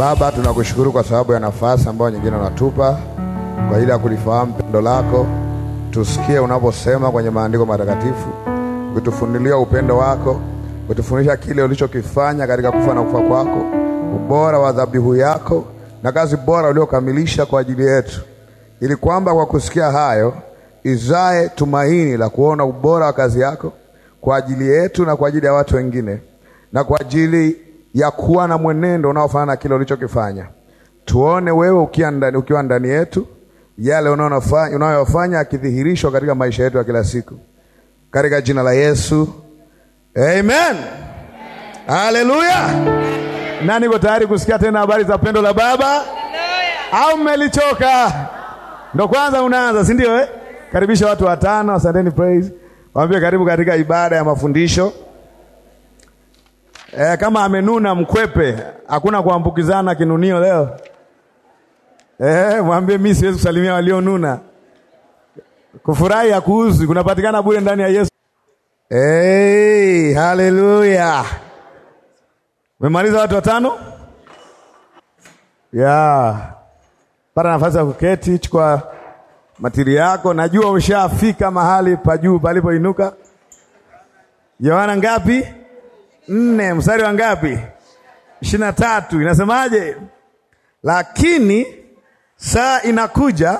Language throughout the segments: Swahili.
Baba, tunakushukuru kwa sababu ya nafasi ambayo nyingine unatupa kwa ajili ya kulifahamu pendo lako, tusikie unaposema kwenye maandiko matakatifu, kutufunulia upendo wako, kutufundisha kile ulichokifanya katika kufa na kufa kwako, ubora wa dhabihu yako na kazi bora uliokamilisha kwa ajili yetu, ili kwamba kwa kusikia hayo izae tumaini la kuona ubora wa kazi yako kwa ajili yetu na kwa ajili ya watu wengine na kwa ajili ya kuwa na mwenendo unaofanana na kile ulichokifanya. Tuone wewe ukiwa ndani, ukiwa ndani yetu yale unayofanya akidhihirishwa katika maisha yetu ya kila siku, katika jina la Yesu, amen, haleluya. Nani niko tayari kusikia tena habari za pendo la Baba, au mmelichoka? Ndo kwanza unaanza, si ndio eh? Karibisha watu watano, asanteni praise, waambie karibu katika ibada ya mafundisho. E, kama amenuna mkwepe, hakuna kuambukizana kinunio leo. Eh, mwambie mimi siwezi kusalimia walionuna. Kufurahi hakuuzi, kunapatikana bure ndani ya Yesu. Hey, haleluya! Memaliza watu watano ya yeah. Pata nafasi ya kuketi, chukua matiri yako. Najua ushafika mahali pa juu palipoinuka. Yohana ngapi? nne mstari wa ngapi? ishirini na tatu inasemaje? Lakini saa inakuja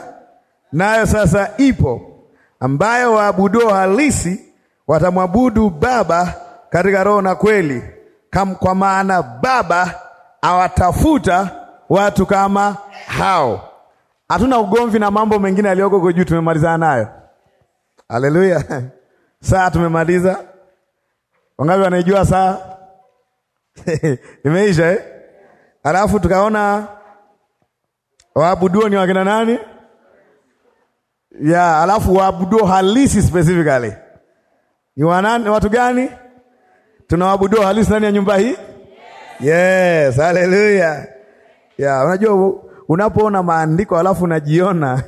nayo sasa ipo, ambayo waabudua halisi watamwabudu Baba katika roho na kweli, kam kwa maana Baba awatafuta watu kama hao. Hatuna ugomvi na mambo mengine yaliyoko huko juu, tumemalizana nayo. Haleluya! Saa tumemaliza Wangapi wanaijua saa? Imeisha eh? Alafu tukaona waabuduo ni wakina nani? Ya, alafu waabuduo halisi specifically ni wanani, watu gani? Tunawaabuduo halisi ndani ya nyumba hii? Yes, haleluya. Ya, unajua unapoona maandiko alafu unajiona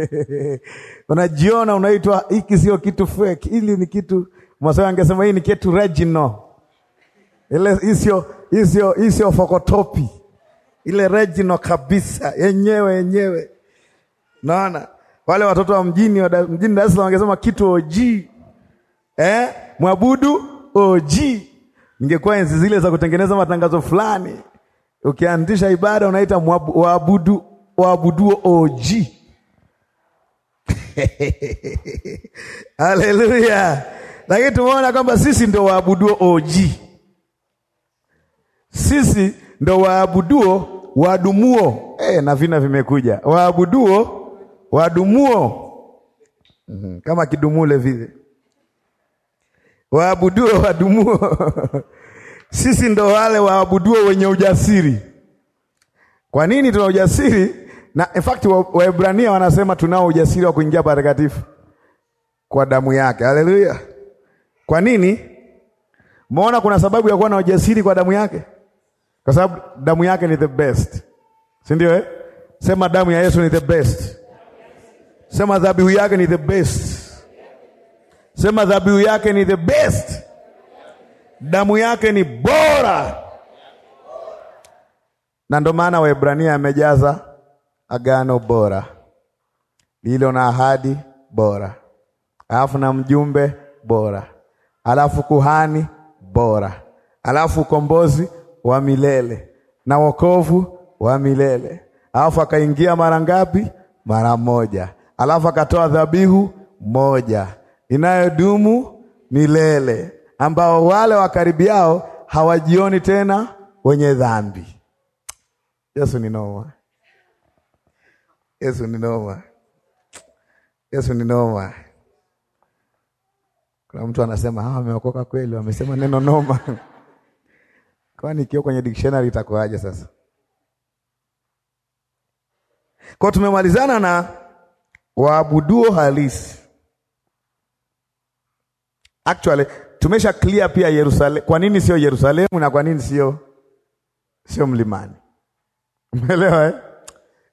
unajiona unaitwa hiki sio kitu fake, hili ni kitu Mwasawe angesema hii ni kitu original. Ile isio isio isio fokotopi. Ile original kabisa yenyewe yenyewe. Naona wale watoto wa mjini wa mjini Dar es Salaam wangesema kitu OG. Eh? Mwabudu OG. Ningekuwa enzi zile za kutengeneza matangazo fulani. Ukiandisha ibada unaita waabudu waabuduo OG. Hallelujah lakini tumeona kwamba sisi ndo waabuduo OG, sisi ndo waabuduo wadumuo e, na vina vimekuja waabuduo wadumuo mm-hmm. kama kidumule vile waabuduo wadumuo sisi ndo wale waabuduo wenye ujasiri. Kwa nini tuna ujasiri? Na in fact Waebrania wa wanasema tunao ujasiri wa kuingia patakatifu kwa damu yake. Haleluya! Kwa nini? Umeona kuna sababu ya kuwa na ujasiri kwa damu yake, kwa sababu damu yake ni the best, si ndio eh? Sema damu ya Yesu ni the best. Sema dhabihu yake ni the best. Sema dhabihu yake ni the best. Damu yake ni bora, na ndio maana Waebrania amejaza agano bora lilo na ahadi bora, alafu na mjumbe bora alafu kuhani bora, alafu ukombozi wa milele na wokovu wa milele, alafu akaingia mara ngapi? Mara moja, alafu akatoa dhabihu moja inayodumu milele, ambao wale wakaribiao hawajioni tena wenye dhambi. Yesu ni noma, Yesu ni noma, Yesu ni noma. Kuna mtu anasema hawa ah, wameokoka kweli, wamesema neno noma. kwa nikiwa kwenye dictionary itakuwaje sasa? Kwa tumemalizana na waabuduo halisi. Actually tumesha clear pia Yerusalem. kwa nini sio Yerusalemu na kwa nini sio sio mlimani. Umeelewa eh?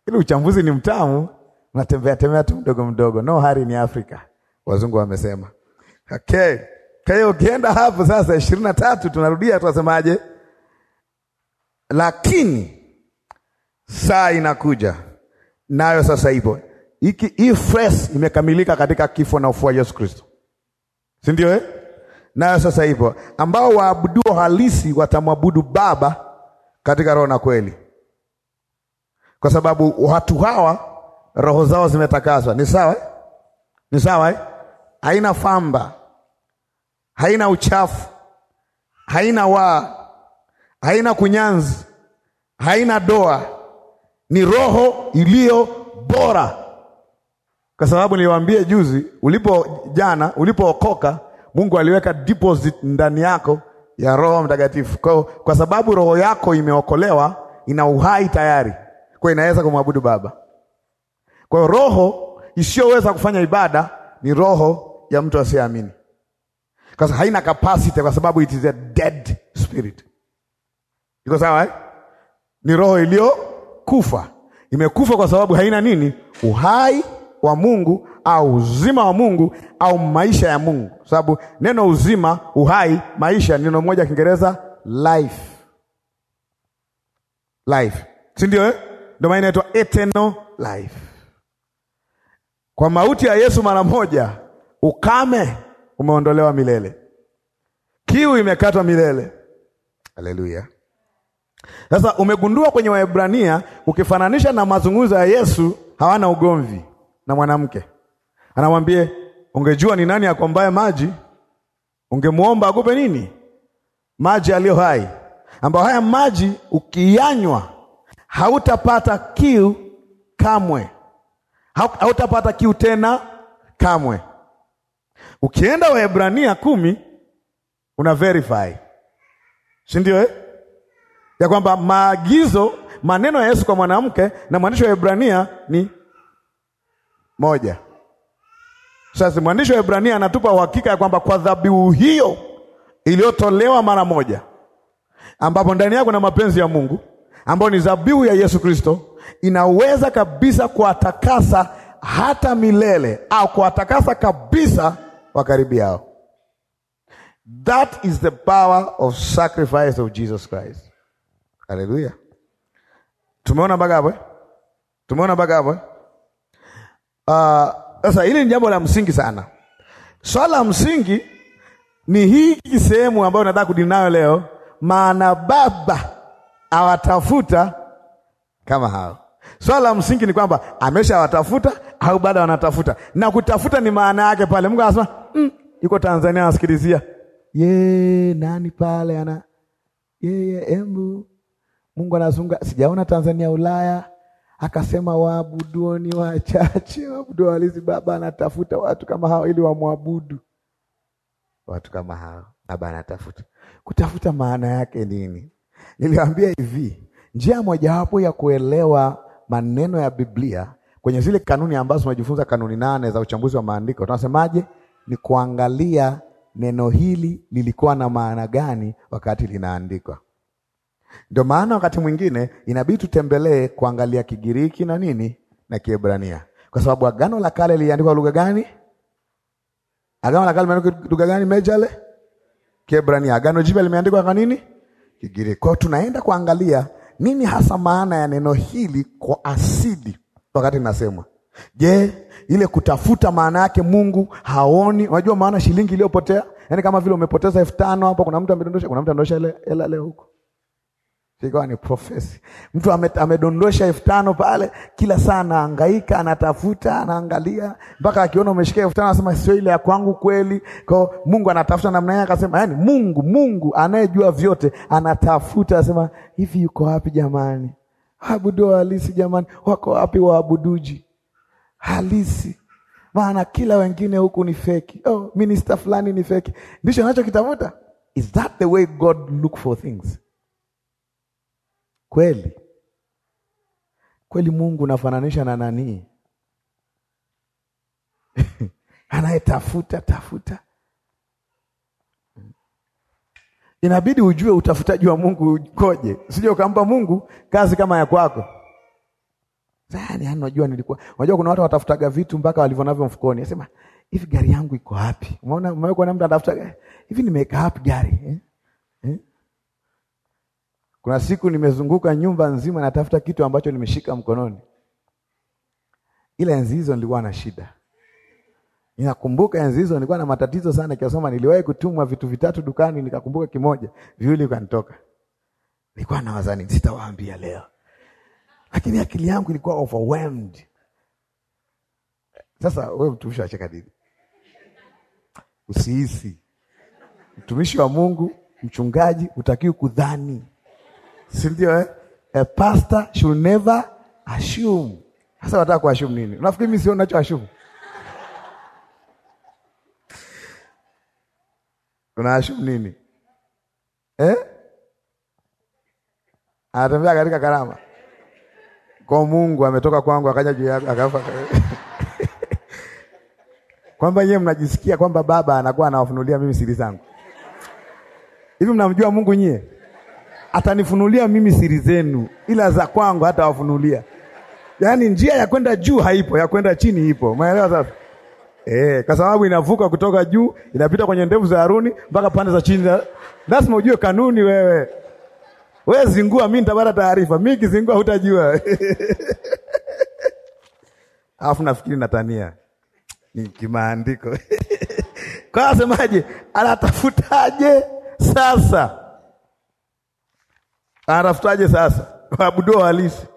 Ile uchambuzi ni mtamu, unatembea tembea tu mdogo mdogo. No hari ni Afrika. Wazungu wamesema. Okay. Kwa hiyo ukienda hapo sasa ishirini na tatu tunarudia, tunasemaje? Lakini saa inakuja nayo sasa ipo. Iki, hii phrase imekamilika katika kifo na ufufuo wa Yesu Kristo, si ndio eh? Nayo sasa ipo, ambao waabuduo halisi watamwabudu Baba katika roho na kweli, kwa sababu watu hawa roho zao zimetakaswa. Ni sawa eh? Ni sawa eh? haina famba, haina uchafu, haina waa, haina kunyanzi, haina doa. Ni roho iliyo bora, kwa sababu niliwaambia juzi, ulipo jana, ulipookoka Mungu aliweka deposit ndani yako ya Roho Mtakatifu. Kwa, kwa sababu roho yako imeokolewa, ina uhai tayari, kwa inaweza kumwabudu Baba. Kwa hiyo roho isiyoweza kufanya ibada ni roho ya mtu asiyeamini, kwa sababu haina capacity, kwa sababu it is a dead spirit. Iko sawa eh? Ni roho iliyokufa, imekufa kwa sababu haina nini, uhai wa Mungu au uzima wa Mungu au maisha ya Mungu, sababu neno uzima, uhai, maisha neno moja Kiingereza life, life, si ndio eh? Ndio maana inaitwa eternal life. Kwa mauti ya Yesu mara moja Ukame umeondolewa milele, kiu imekatwa milele. Haleluya! Sasa umegundua kwenye Waebrania, ukifananisha na mazungumzo ya Yesu, hawana ugomvi na mwanamke. Anamwambie, ungejua ni nani akombaye maji, ungemwomba akupe nini? Maji aliyo hai, ambayo haya maji ukiyanywa hautapata kiu kamwe, hautapata kiu tena kamwe. Ukienda Waebrania kumi una verify, si ndio eh? ya kwamba maagizo maneno ya Yesu kwa mwanamke na mwandishi wa Waebrania ni moja. Sasa mwandishi wa Waebrania anatupa uhakika ya kwamba kwa dhabihu hiyo iliyotolewa mara moja, ambapo ndani yako na mapenzi ya Mungu ambayo ni dhabihu ya Yesu Kristo, inaweza kabisa kuwatakasa hata milele au kuwatakasa kabisa wa That is the power of sacrifice of Jesus Christ. Haleluya. Tumeona mpaka hapo? Eh? Tumeona mpaka hapo? Eh? Ah, sasa uh, hili ni jambo la msingi sana. Swala la msingi ni hii sehemu ambayo nataka kudili nayo leo, maana baba awatafuta kama hao. Swala la msingi ni kwamba ameshawatafuta au bado wanatafuta, na kutafuta ni maana yake pale Mungu anasema mm, yuko Tanzania anasikilizia ye nani pale ana yeye embu Mungu anazunga, sijaona Tanzania Ulaya. Akasema waabuduoni ni wachache, waabudu walizi. Baba anatafuta watu kama hao ili wamwabudu, watu kama hao baba anatafuta. Kutafuta maana yake nini? Niliwaambia hivi, njia mojawapo ya kuelewa maneno ya Biblia kwenye zile kanuni ambazo tunajifunza, kanuni nane za uchambuzi wa maandiko, tunasemaje? ni kuangalia neno hili lilikuwa na maana gani wakati linaandikwa. Ndio maana wakati mwingine inabidi tutembelee kuangalia Kigiriki na nini na Kiebrania, kwa sababu Agano la Kale liliandikwa lugha gani? Agano la Kale limeandikwa lugha gani? Mejale Kiebrania. Agano Jipya limeandikwa kwa nini? Kigiriki. Kwao tunaenda kuangalia nini hasa maana ya neno hili kwa asili wakati nasemwa. Je, ile kutafuta, maana yake Mungu haoni. Unajua maana shilingi iliyopotea, yaani kama vile umepoteza elfu tano hapa. Kuna mtu amedondosha, kuna mtu amedondosha ile hela leo huko, ikawa ni profesi. Mtu amedondosha elfu tano pale, kila saa anahangaika, anatafuta, anaangalia mpaka akiona umeshika elfu tano anasema sio ile ya kwangu kweli. Kwao Mungu anatafuta namna yake, akasema yaani Mungu, Mungu anayejua vyote anatafuta, asema hivi, yuko wapi jamani? Waabudu halisi jamani, wako wapi waabuduji? halisi, maana kila wengine huku ni feki. Oh, minister fulani ni feki, ndicho anachokitafuta. Is that the way God look for things? Kweli kweli, Mungu nafananisha na nani? Anayetafuta tafuta, inabidi ujue utafutaji wa Mungu ukoje, usije ukampa Mungu kazi kama ya kwako tayari, yani unajua nilikuwa, unajua kuna watu watafutaga vitu mpaka mfukoni, hivi gari yangu iko wapi? Umeona, mtu anatafuta hivi, nimeweka wapi gari eh? Eh? Kuna siku nimezunguka nyumba nzima natafuta kitu ambacho nimeshika mkononi, ila enzi hizo nilikuwa na shida. Ninakumbuka enzi hizo nilikuwa na matatizo sana, kiasoma niliwahi kutumwa vitu vitatu dukani, nikakumbuka kimoja, viwili kanitoka. Nilikuwa sitawaambia leo lakini akili yangu ilikuwa overwhelmed. Sasa wewe mtumishi wa cheka nini? Usihisi mtumishi wa Mungu, mchungaji, utakiwi kudhani, si ndio eh? A pastor should never assume. Sasa wataka kuashumu nini? Unafikiri mimi sio Una Unaashumu nini eh? Anatembea katika karama kwa Mungu ametoka kwangu akaja juu yako akafa kwamba yeye mnajisikia kwamba baba anakuwa anawafunulia mimi siri zangu hivi, mnamjua Mungu nyie? Atanifunulia mimi siri zenu, ila za kwangu hata wafunulia. Yaani njia ya kwenda juu haipo, ya kwenda chini ipo. Umeelewa sasa? Eh, kwa sababu inavuka kutoka juu inapita kwenye ndevu za Haruni mpaka pande za chini. Lazima ujue kanuni wewe. We zingua, mi nitapata taarifa. Mi kizingua hutajua. Alafu nafikiri natania ni kimaandiko kwa asemaje, anatafutaje sasa? Anatafutaje sasa waabudua halisi?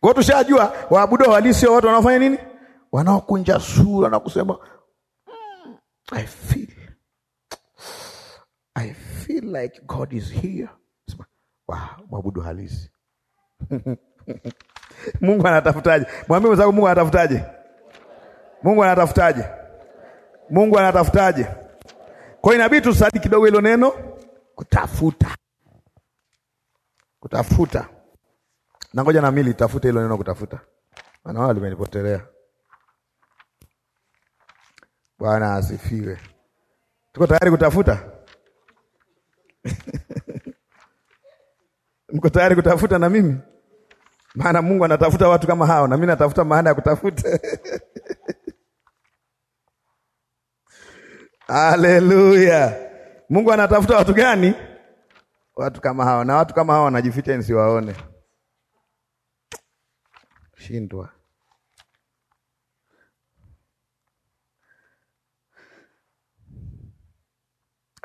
Kwa tushajua waabudua halisi watu wanaofanya nini? Wanaokunja sura na kusema hmm, I feel I feel like God is here wow, mwabudu halisi Mungu anatafutaje? Mwambie mwenzako Mungu anatafutaje? Mungu anatafutaje? Mungu anatafutaje? Kwa hiyo inabidi tusadi kidogo hilo neno kutafuta. Kutafuta. Nangoja na mimi litafute hilo neno kutafuta. Maana wao limenipotelea. Bwana asifiwe. Tuko tayari kutafuta? Mko tayari kutafuta na mimi? Maana Mungu anatafuta watu kama hao, na mimi natafuta maana ya kutafuta. Haleluya! Mungu anatafuta watu gani? Watu kama hao, na watu kama hao wanajificha nisiwaone. Shindwa.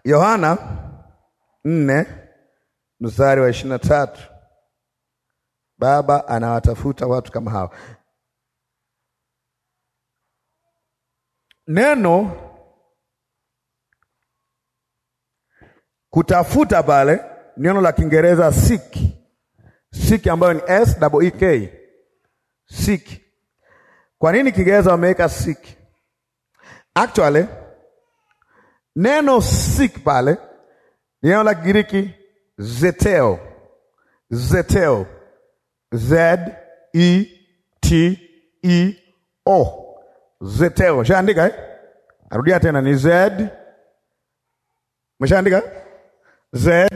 Yohana nne mstari wa ishirini na tatu Baba anawatafuta watu kama hawa. Neno kutafuta pale, neno la Kiingereza seek, seek ambayo ni S E K, seek. Kwa nini Kiingereza wameweka seek? Actually neno seek pale neno la Kigiriki Zeteo, Zeteo, Z E T E O, Zeteo. Shaandika eh? arudia tena ni Z. Meshaandika Z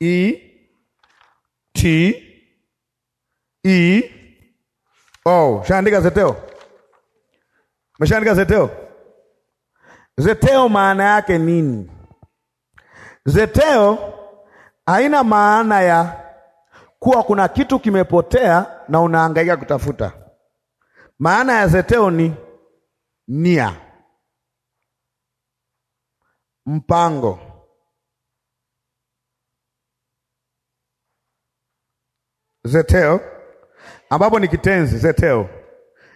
E T E O. Shaandika Zeteo. Meshaandika Zeteo. Zeteo maana yake nini? Zeteo haina maana ya kuwa kuna kitu kimepotea na unahangaika kutafuta. Maana ya zeteo ni nia, mpango. Zeteo ambapo ni kitenzi, zeteo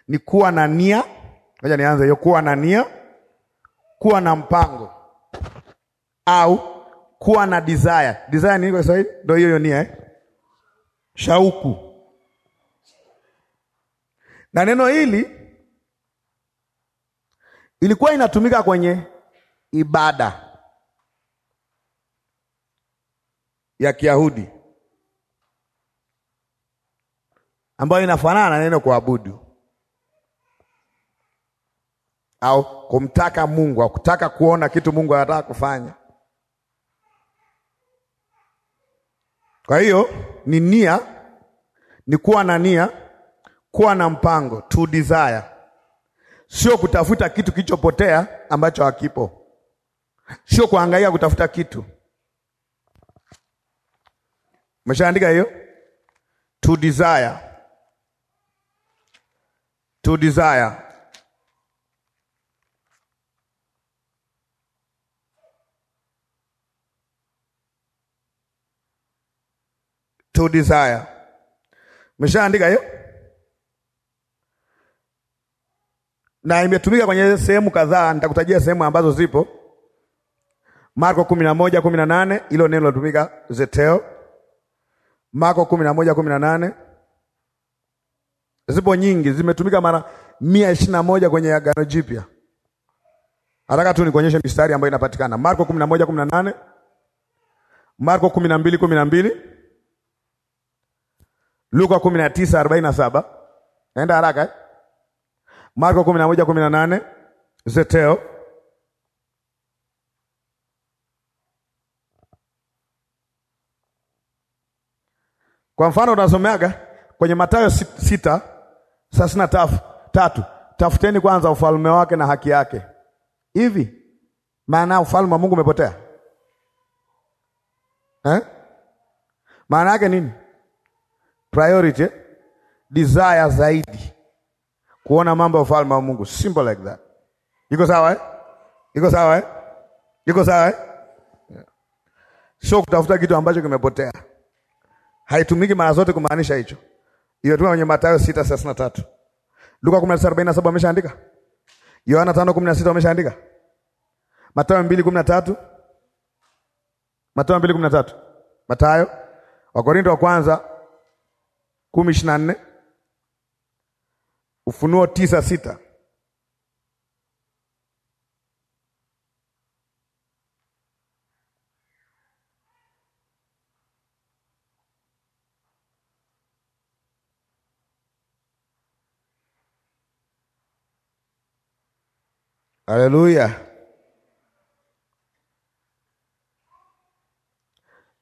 ni kuwa na nia. Ngoja nianze hiyo, kuwa na nia, kuwa na mpango au kuwa na desire. Desire ni kwa Kiswahili? Ndio hiyo hiyo nia eh? Shauku. Na neno hili ilikuwa inatumika kwenye ibada ya Kiyahudi ambayo inafanana na neno kuabudu au kumtaka Mungu au kutaka kuona kitu Mungu anataka kufanya. Kwa hiyo ni nia, ni kuwa na nia, kuwa na mpango, to desire, sio kutafuta kitu kilichopotea ambacho hakipo, sio kuangalia kutafuta kitu. Umeshaandika hiyo, to desire, to desire to desire. Umeshaandika hiyo? Na imetumika kwenye sehemu kadhaa, nitakutajia sehemu ambazo zipo. Marko kumi na moja kumi na nane ilo neno lilotumika zeteo. Marko kumi na moja kumi na nane zipo nyingi, zimetumika mara mia ishirini na moja kwenye Agano Jipya. Nataka tu nikuonyeshe mistari ambayo inapatikana Marko kumi na moja kumi na nane Marko kumi na mbili kumi na mbili Luka 19:47. Naenda haraka eh? Marko 11:18 Zeteo Kwa mfano unasomeaga kwenye Mathayo sita thelathini na tatu tafuteni kwanza ufalme wake na haki yake. Hivi maana ufalme wa Mungu umepotea eh? maana yake nini? priority desire zaidi kuona mambo ya ufalme wa Mungu, simple like that. Iko sawa eh? Iko sawa eh? Iko sawa eh? Yeah. Sio kutafuta kitu ambacho kimepotea. Haitumiki mara zote kumaanisha hicho. Hiyo tuma kwenye Mathayo 6:33. Luka 10:47 ameshaandika. Yohana 5:16 ameshaandika. Mathayo 2:13. Mathayo 2:13. Mathayo wa Korinto wa kwanza kumi ishirini na nne Ufunuo tisa sita Haleluya.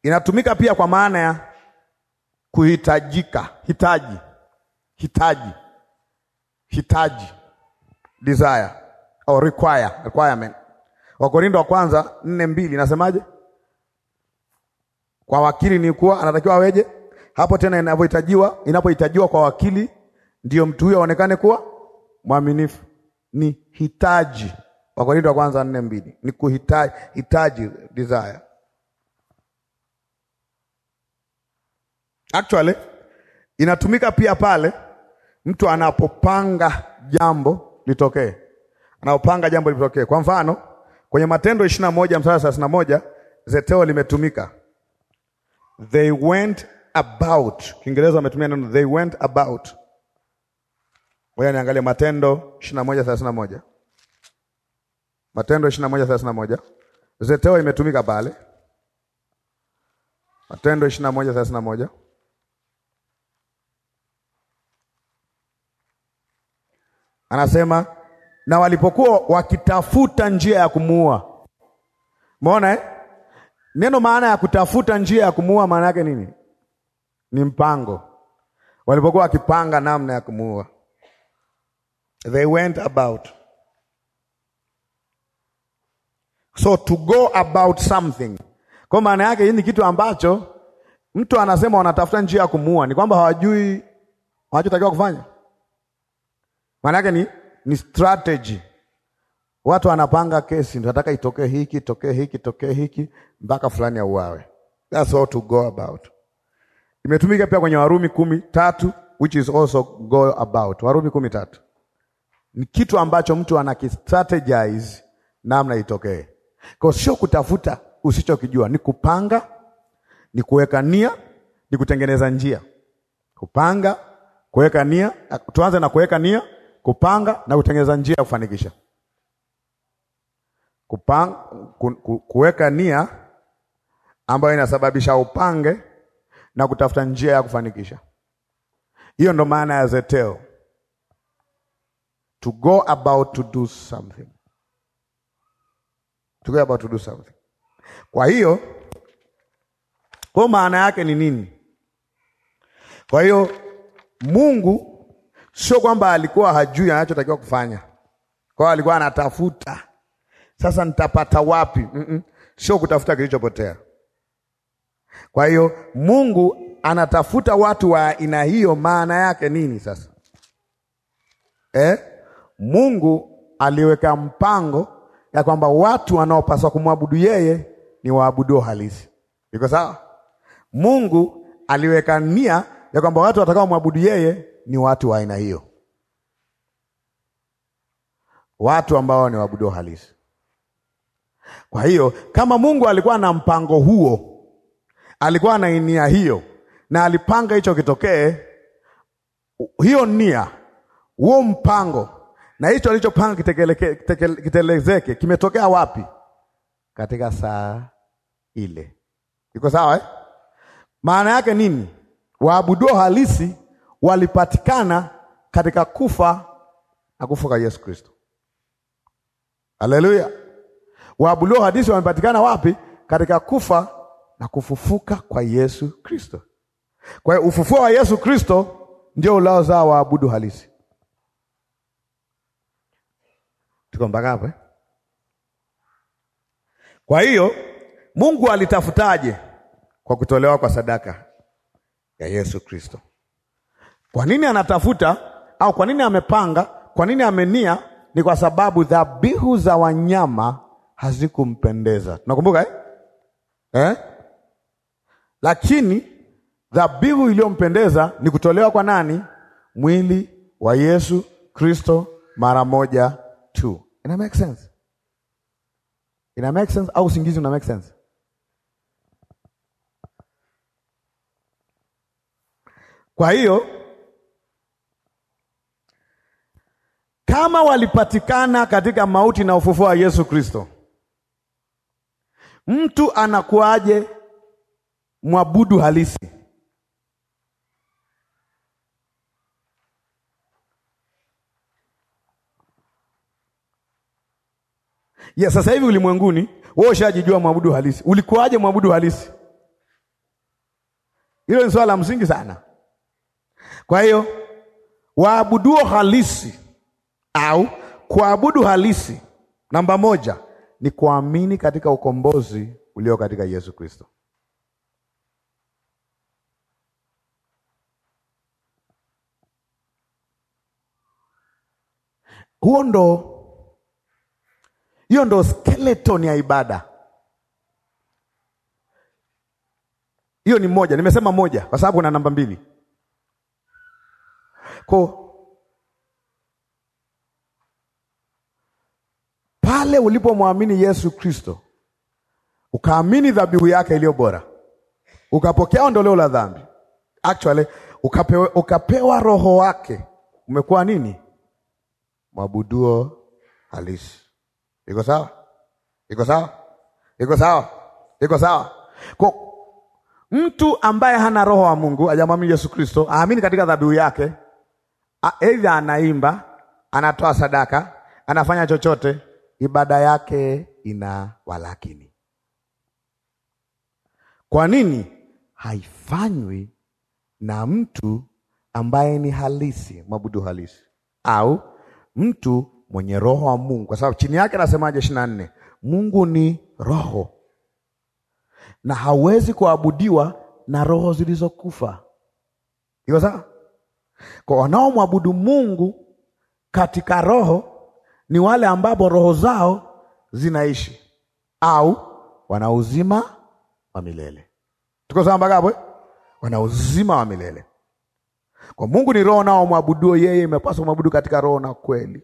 Inatumika pia kwa maana ya kuhitajika, hitaji, hitaji, hitaji, desire au require, requirement. Wakorintho wa kwanza nne mbili nasemaje? Kwa wakili ni kuwa anatakiwa aweje? Hapo tena inapohitajiwa, inapohitajiwa kwa wakili, ndio mtu huyo aonekane kuwa mwaminifu. Ni hitaji. Wakorintho wa kwanza nne mbili ni kuhitaji, hitaji, desire Actually inatumika pia pale mtu anapopanga jambo litokee, anapopanga jambo litokee. Kwa mfano kwenye Matendo ishirini na moja mstari thelathini na moja zeteo limetumika they went about. Kiingereza wametumia neno they went about. Ngoja niangalie Matendo ishirini na moja thelathini na moja Matendo ishirini na moja thelathini na moja zeteo imetumika pale, Matendo ishirini na moja thelathini na moja Anasema na walipokuwa wakitafuta njia ya kumuua. Umeona eh? Neno maana ya kutafuta njia ya kumuua maana yake nini? Ni mpango. Walipokuwa wakipanga namna ya kumuua. They went about. So to go about something. Kwa maana yake hii ni kitu ambacho mtu anasema wanatafuta njia ya kumuua, ni kwamba hawajui wanachotakiwa kufanya maana yake ni, ni strategy. Watu wanapanga kesi, nataka itokee hiki tokee hiki tokee hiki mpaka fulani auawe. That's all to go about. Imetumika pia kwenye Warumi kumi tatu which is also go about. Warumi kumi tatu ni kitu ambacho mtu anakistrategize namna itokee. Kwa sio kutafuta usichokijua, ni kupanga, ni kuweka nia, ni kutengeneza njia. Kupanga, kuweka nia, tuanze na kuweka nia kupanga na kutengeneza njia ya kufanikisha. Kupanga, ku, ku, kuweka nia ambayo inasababisha upange na kutafuta njia ya kufanikisha. Hiyo ndo maana ya zeteo, to go about to do something, to go about to do something. Kwa hiyo kwa maana yake ni nini? Kwa hiyo Mungu Sio kwamba alikuwa hajui anachotakiwa kufanya, kwa alikuwa anatafuta, sasa nitapata wapi? mm -mm. Sio kutafuta kilichopotea. Kwa hiyo Mungu anatafuta watu wa aina hiyo. Maana yake nini sasa eh? Mungu aliweka mpango ya kwamba watu wanaopaswa kumwabudu yeye ni waabudu halisi. Iko sawa? Mungu aliweka nia ya kwamba watu watakao mwabudu yeye ni watu wa aina hiyo, watu ambao ni waabudu halisi. Kwa hiyo kama Mungu alikuwa na mpango huo, alikuwa na nia hiyo, na alipanga hicho kitokee, hiyo nia, huo mpango na hicho alichopanga kitekelezeke, kimetokea wapi? Katika saa ile. Iko sawa eh? Maana yake nini? Waabudu halisi walipatikana katika kufa na kwa Yesu Kristo. Haleluya! Waabudu hadisi wamepatikana wapi? Katika kufa na kufufuka kwa Yesu Kristo. Kwa hiyo ufufuo wa Yesu Kristo ndio ulaozaa waabudu halisi. Tuko mpaka hapo eh? Kwa hiyo Mungu alitafutaje? Kwa kutolewa kwa sadaka ya Yesu Kristo. Kwa nini anatafuta au kwa nini amepanga, kwa nini amenia? Ni kwa sababu dhabihu za wanyama hazikumpendeza. Tunakumbuka eh? Eh? Lakini dhabihu iliyompendeza ni kutolewa kwa nani? Mwili wa Yesu Kristo mara moja tu. Ina make sense? Ina make sense au usingizi una make sense? Kwa hiyo kama walipatikana katika mauti na ufufuo wa Yesu Kristo, mtu anakuwaje mwabudu halisi? Ya sasa hivi ulimwenguni, wewe ushajijua mwabudu halisi. Ulikuwaje mwabudu halisi? Hilo ni swala la msingi sana. Kwa hiyo waabuduo halisi au kuabudu halisi, namba moja ni kuamini katika ukombozi ulio katika Yesu Kristo. Huo ndo hiyo ndo skeleton ya ibada. Hiyo ni moja, nimesema moja kwa sababu kuna namba mbili ko pale ulipomwamini Yesu Kristo ukaamini dhabihu yake iliyo bora, ukapokea ondoleo la dhambi, actually ukapewa, ukapewa roho wake, umekuwa nini? Mwabuduo halisi. Iko sawa? Iko sawa? Iko sawa? Iko sawa? Kwa mtu ambaye hana roho wa Mungu, ajamwamini Yesu Kristo, aamini katika dhabihu yake, aidha anaimba, anatoa sadaka, anafanya chochote ibada yake ina walakini. Kwa nini haifanywi na mtu ambaye ni halisi, mwabudu halisi au mtu mwenye roho wa Mungu? Kwa sababu chini yake anasemaje? ishirini na nne, Mungu ni roho na hawezi kuabudiwa na roho zilizokufa. Iko sawa? Kwa wanaomwabudu Mungu katika roho ni wale ambapo roho zao zinaishi au wana uzima wa milele. Tuko sawa mpaka hapo? Eh? Wana uzima wa milele. Kwa Mungu ni roho, nao mwabuduo yeye imepaswa kumwabudu katika roho na kweli.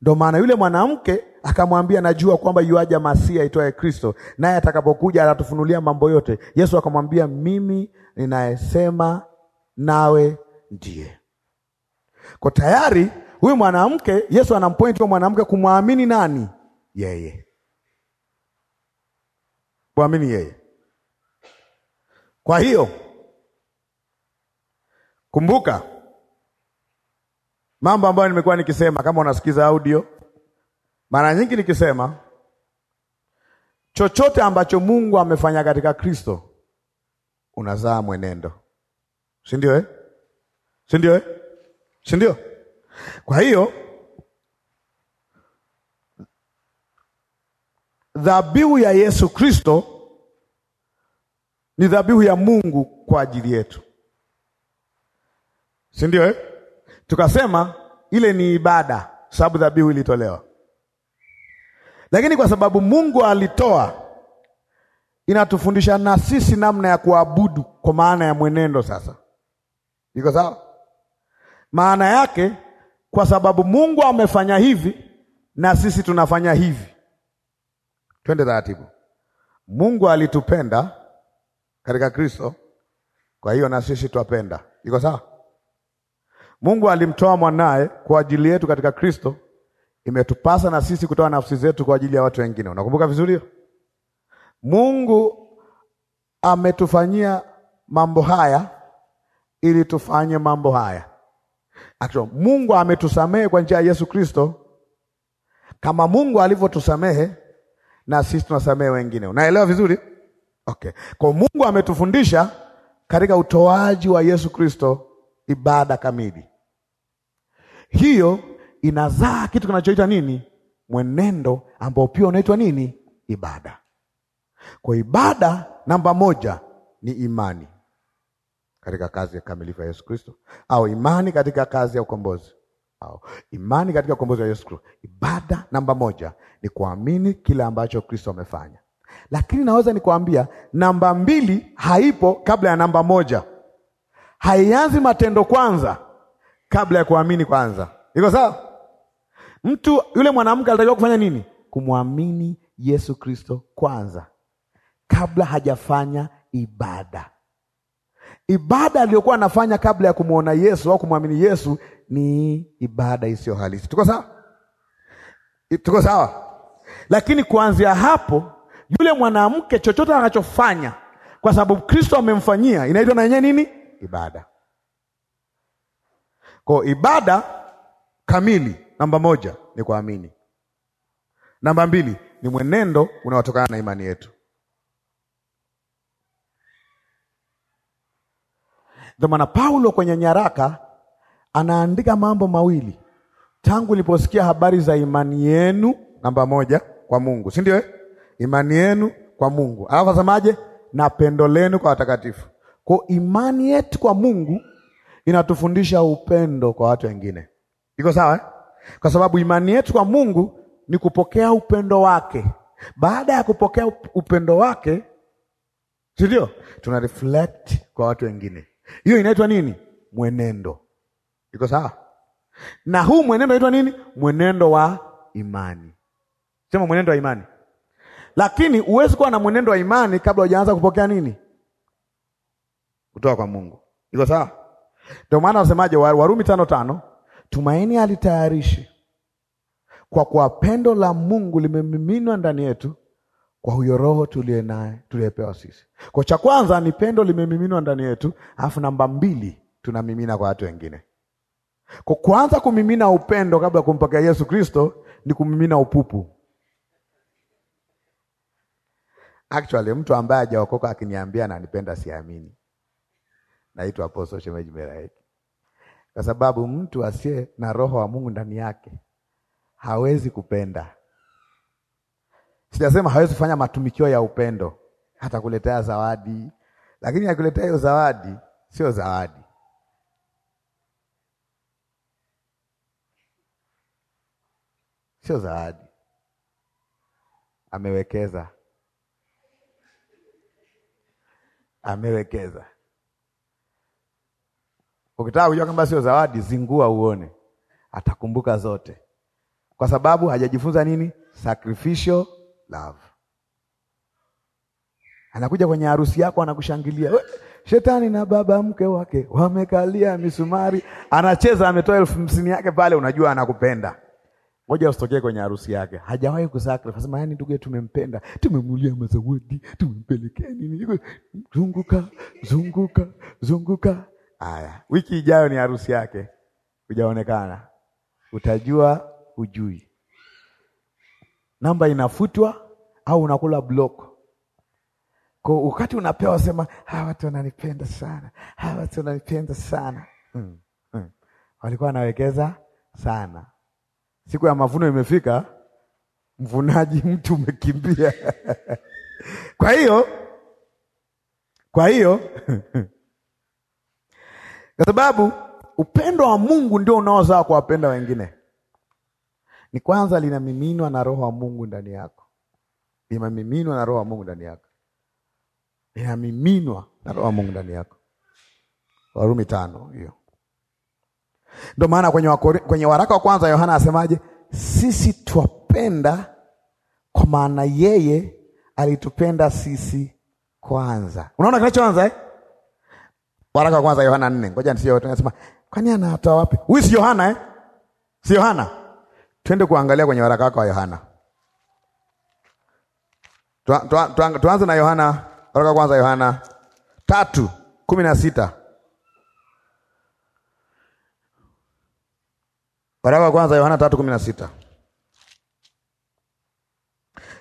Ndio maana yule mwanamke akamwambia, najua kwamba yuaja masia aitwaye Kristo, naye atakapokuja atatufunulia mambo yote. Yesu akamwambia, mimi ninayesema nawe ndiye. Kwa tayari huyu mwanamke Yesu anampointi huyo mwanamke kumwamini nani? Yeye, kuamini yeye. Kwa hiyo kumbuka mambo ambayo nimekuwa nikisema, kama unasikiza audio, mara nyingi nikisema chochote ambacho Mungu amefanya katika Kristo unazaa mwenendo, si ndio eh? si ndio eh? si ndio kwa hiyo dhabihu ya Yesu Kristo ni dhabihu ya Mungu kwa ajili yetu, si ndio eh? Tukasema ile ni ibada, sababu dhabihu ilitolewa, lakini kwa sababu Mungu alitoa inatufundisha na sisi namna ya kuabudu kwa maana ya mwenendo. Sasa iko sawa? Maana yake kwa sababu Mungu amefanya hivi na sisi tunafanya hivi. Twende taratibu. Mungu alitupenda katika Kristo, kwa hiyo na sisi twapenda. Iko sawa? Mungu alimtoa mwanaye kwa ajili yetu katika Kristo, imetupasa na sisi kutoa nafsi zetu kwa ajili ya watu wengine. Unakumbuka vizuri hiyo? Mungu ametufanyia mambo haya ili tufanye mambo haya akisema Mungu ametusamehe kwa njia ya Yesu Kristo, kama Mungu alivyotusamehe na sisi tunasamehe wengine. Unaelewa vizuri? Okay. Kwa Mungu ametufundisha katika utoaji wa Yesu Kristo ibada kamili. Hiyo inazaa kitu kinachoitwa nini? Mwenendo ambao pia unaitwa nini? Ibada. Kwa ibada namba moja ni imani katika kazi ya kamilifu ya Yesu Kristo, au imani katika kazi ya ukombozi, au imani katika ukombozi wa Yesu Kristo. Ibada namba moja ni kuamini kile ambacho Kristo amefanya, lakini naweza nikuambia namba mbili haipo kabla ya namba moja. Haianzi matendo kwanza kabla ya kuamini kwanza. Iko sawa? Mtu yule mwanamke alitakiwa kufanya nini? Kumwamini Yesu Kristo kwanza kabla hajafanya ibada. Ibada aliyokuwa anafanya kabla ya kumwona Yesu au kumwamini Yesu ni ibada isiyo halisi. Tuko sawa? Tuko sawa? Lakini kuanzia hapo yule mwanamke chochote anachofanya kwa sababu Kristo amemfanyia inaitwa na yenyewe nini? Ibada. Kwa ibada kamili namba moja ni kuamini. Namba mbili ni mwenendo unaotokana na imani yetu. Ndio maana Paulo kwenye nyaraka anaandika mambo mawili, tangu niliposikia habari za imani yenu, namba moja kwa Mungu, si ndio? Eh? Imani yenu kwa Mungu, alafu asemaje? Na pendo lenu kwa watakatifu. Kwa imani yetu kwa Mungu inatufundisha upendo kwa watu wengine, iko sawa eh? Kwa sababu imani yetu kwa Mungu ni kupokea upendo wake. Baada ya kupokea upendo wake, si ndio? Tuna reflect kwa watu wengine. Hiyo inaitwa nini? Mwenendo. Iko sawa? Na huu mwenendo unaitwa nini? Mwenendo wa imani. Sema mwenendo wa imani. Lakini huwezi kuwa na mwenendo wa imani kabla hujaanza kupokea nini? Kutoka kwa Mungu. Iko sawa? Ndio maana wasemaje Warumi tano tano, tumaini alitayarishi kwa kuwa pendo la Mungu limemiminwa ndani yetu kwa huyo roho tuliye naye tuliyepewa sisi. Kwa cha kwanza ni pendo limemiminwa ndani yetu, alafu namba mbili tunamimina kwa watu wengine. Kwa kwanza kumimina upendo kabla ya kumpokea Yesu Kristo ni kumimina upupu. Actually, mtu ambaye hajaokoka akiniambia ananipenda siamini. Naitwa Apostle Shemeji Meraeki, kwa sababu mtu asiye na roho wa Mungu ndani yake hawezi kupenda. Sijasema hawezi kufanya matumikio ya upendo, hata kuletea zawadi, lakini akuletea hiyo zawadi sio zawadi. Sio zawadi, amewekeza, amewekeza. Ukitaka kujua kwamba sio zawadi, zingua uone, atakumbuka zote, kwa sababu hajajifunza nini? Sacrificial love. Anakuja kwenye harusi yako anakushangilia. Shetani na baba mke wake wamekalia misumari, anacheza, ametoa elfu hamsini yake pale, unajua anakupenda. Ngoja usitokee kwenye harusi yake, hajawahi kusacrifice. Sema yani, ndugu tumempenda, tumemulia mazawadi, tumempelekea nini? Zunguka zunguka zunguka. Haya, wiki ijayo ni harusi yake, hujaonekana, utajua hujui namba inafutwa au unakula block. Kwa wakati unapewa wasema, hawa ah, watu wananipenda sana, hawa ah, watu wananipenda sana mm, mm. Walikuwa wanawekeza sana. Siku ya mavuno imefika, mvunaji mtu umekimbia. Kwa hiyo kwa hiyo kwa sababu upendo wa Mungu ndio unaozaa kuwapenda wengine ni kwanza linamiminwa na Roho wa Mungu ndani yako, linamiminwa na Roho wa Mungu ndani yako, linamiminwa na Roho wa Mungu ndani yako. Warumi tano hiyo. Ndio maana kwenye, kwenye waraka wa kwanza Yohana asemaje? Sisi twapenda kwa maana yeye alitupenda sisi kwanza. Unaona kinachoanza eh? Waraka wa kwanza Yohana nne. Ngoja nisiyo, watu nasema kwani anatoa wapi? Huyu si Yohana eh? Si Yohana. Twende kuangalia kwenye waraka wako wa Yohana. Tuanze na Yohana, waraka kwanza Yohana tatu kumi na sita. Waraka wa kwanza Yohana tatu kumi na sita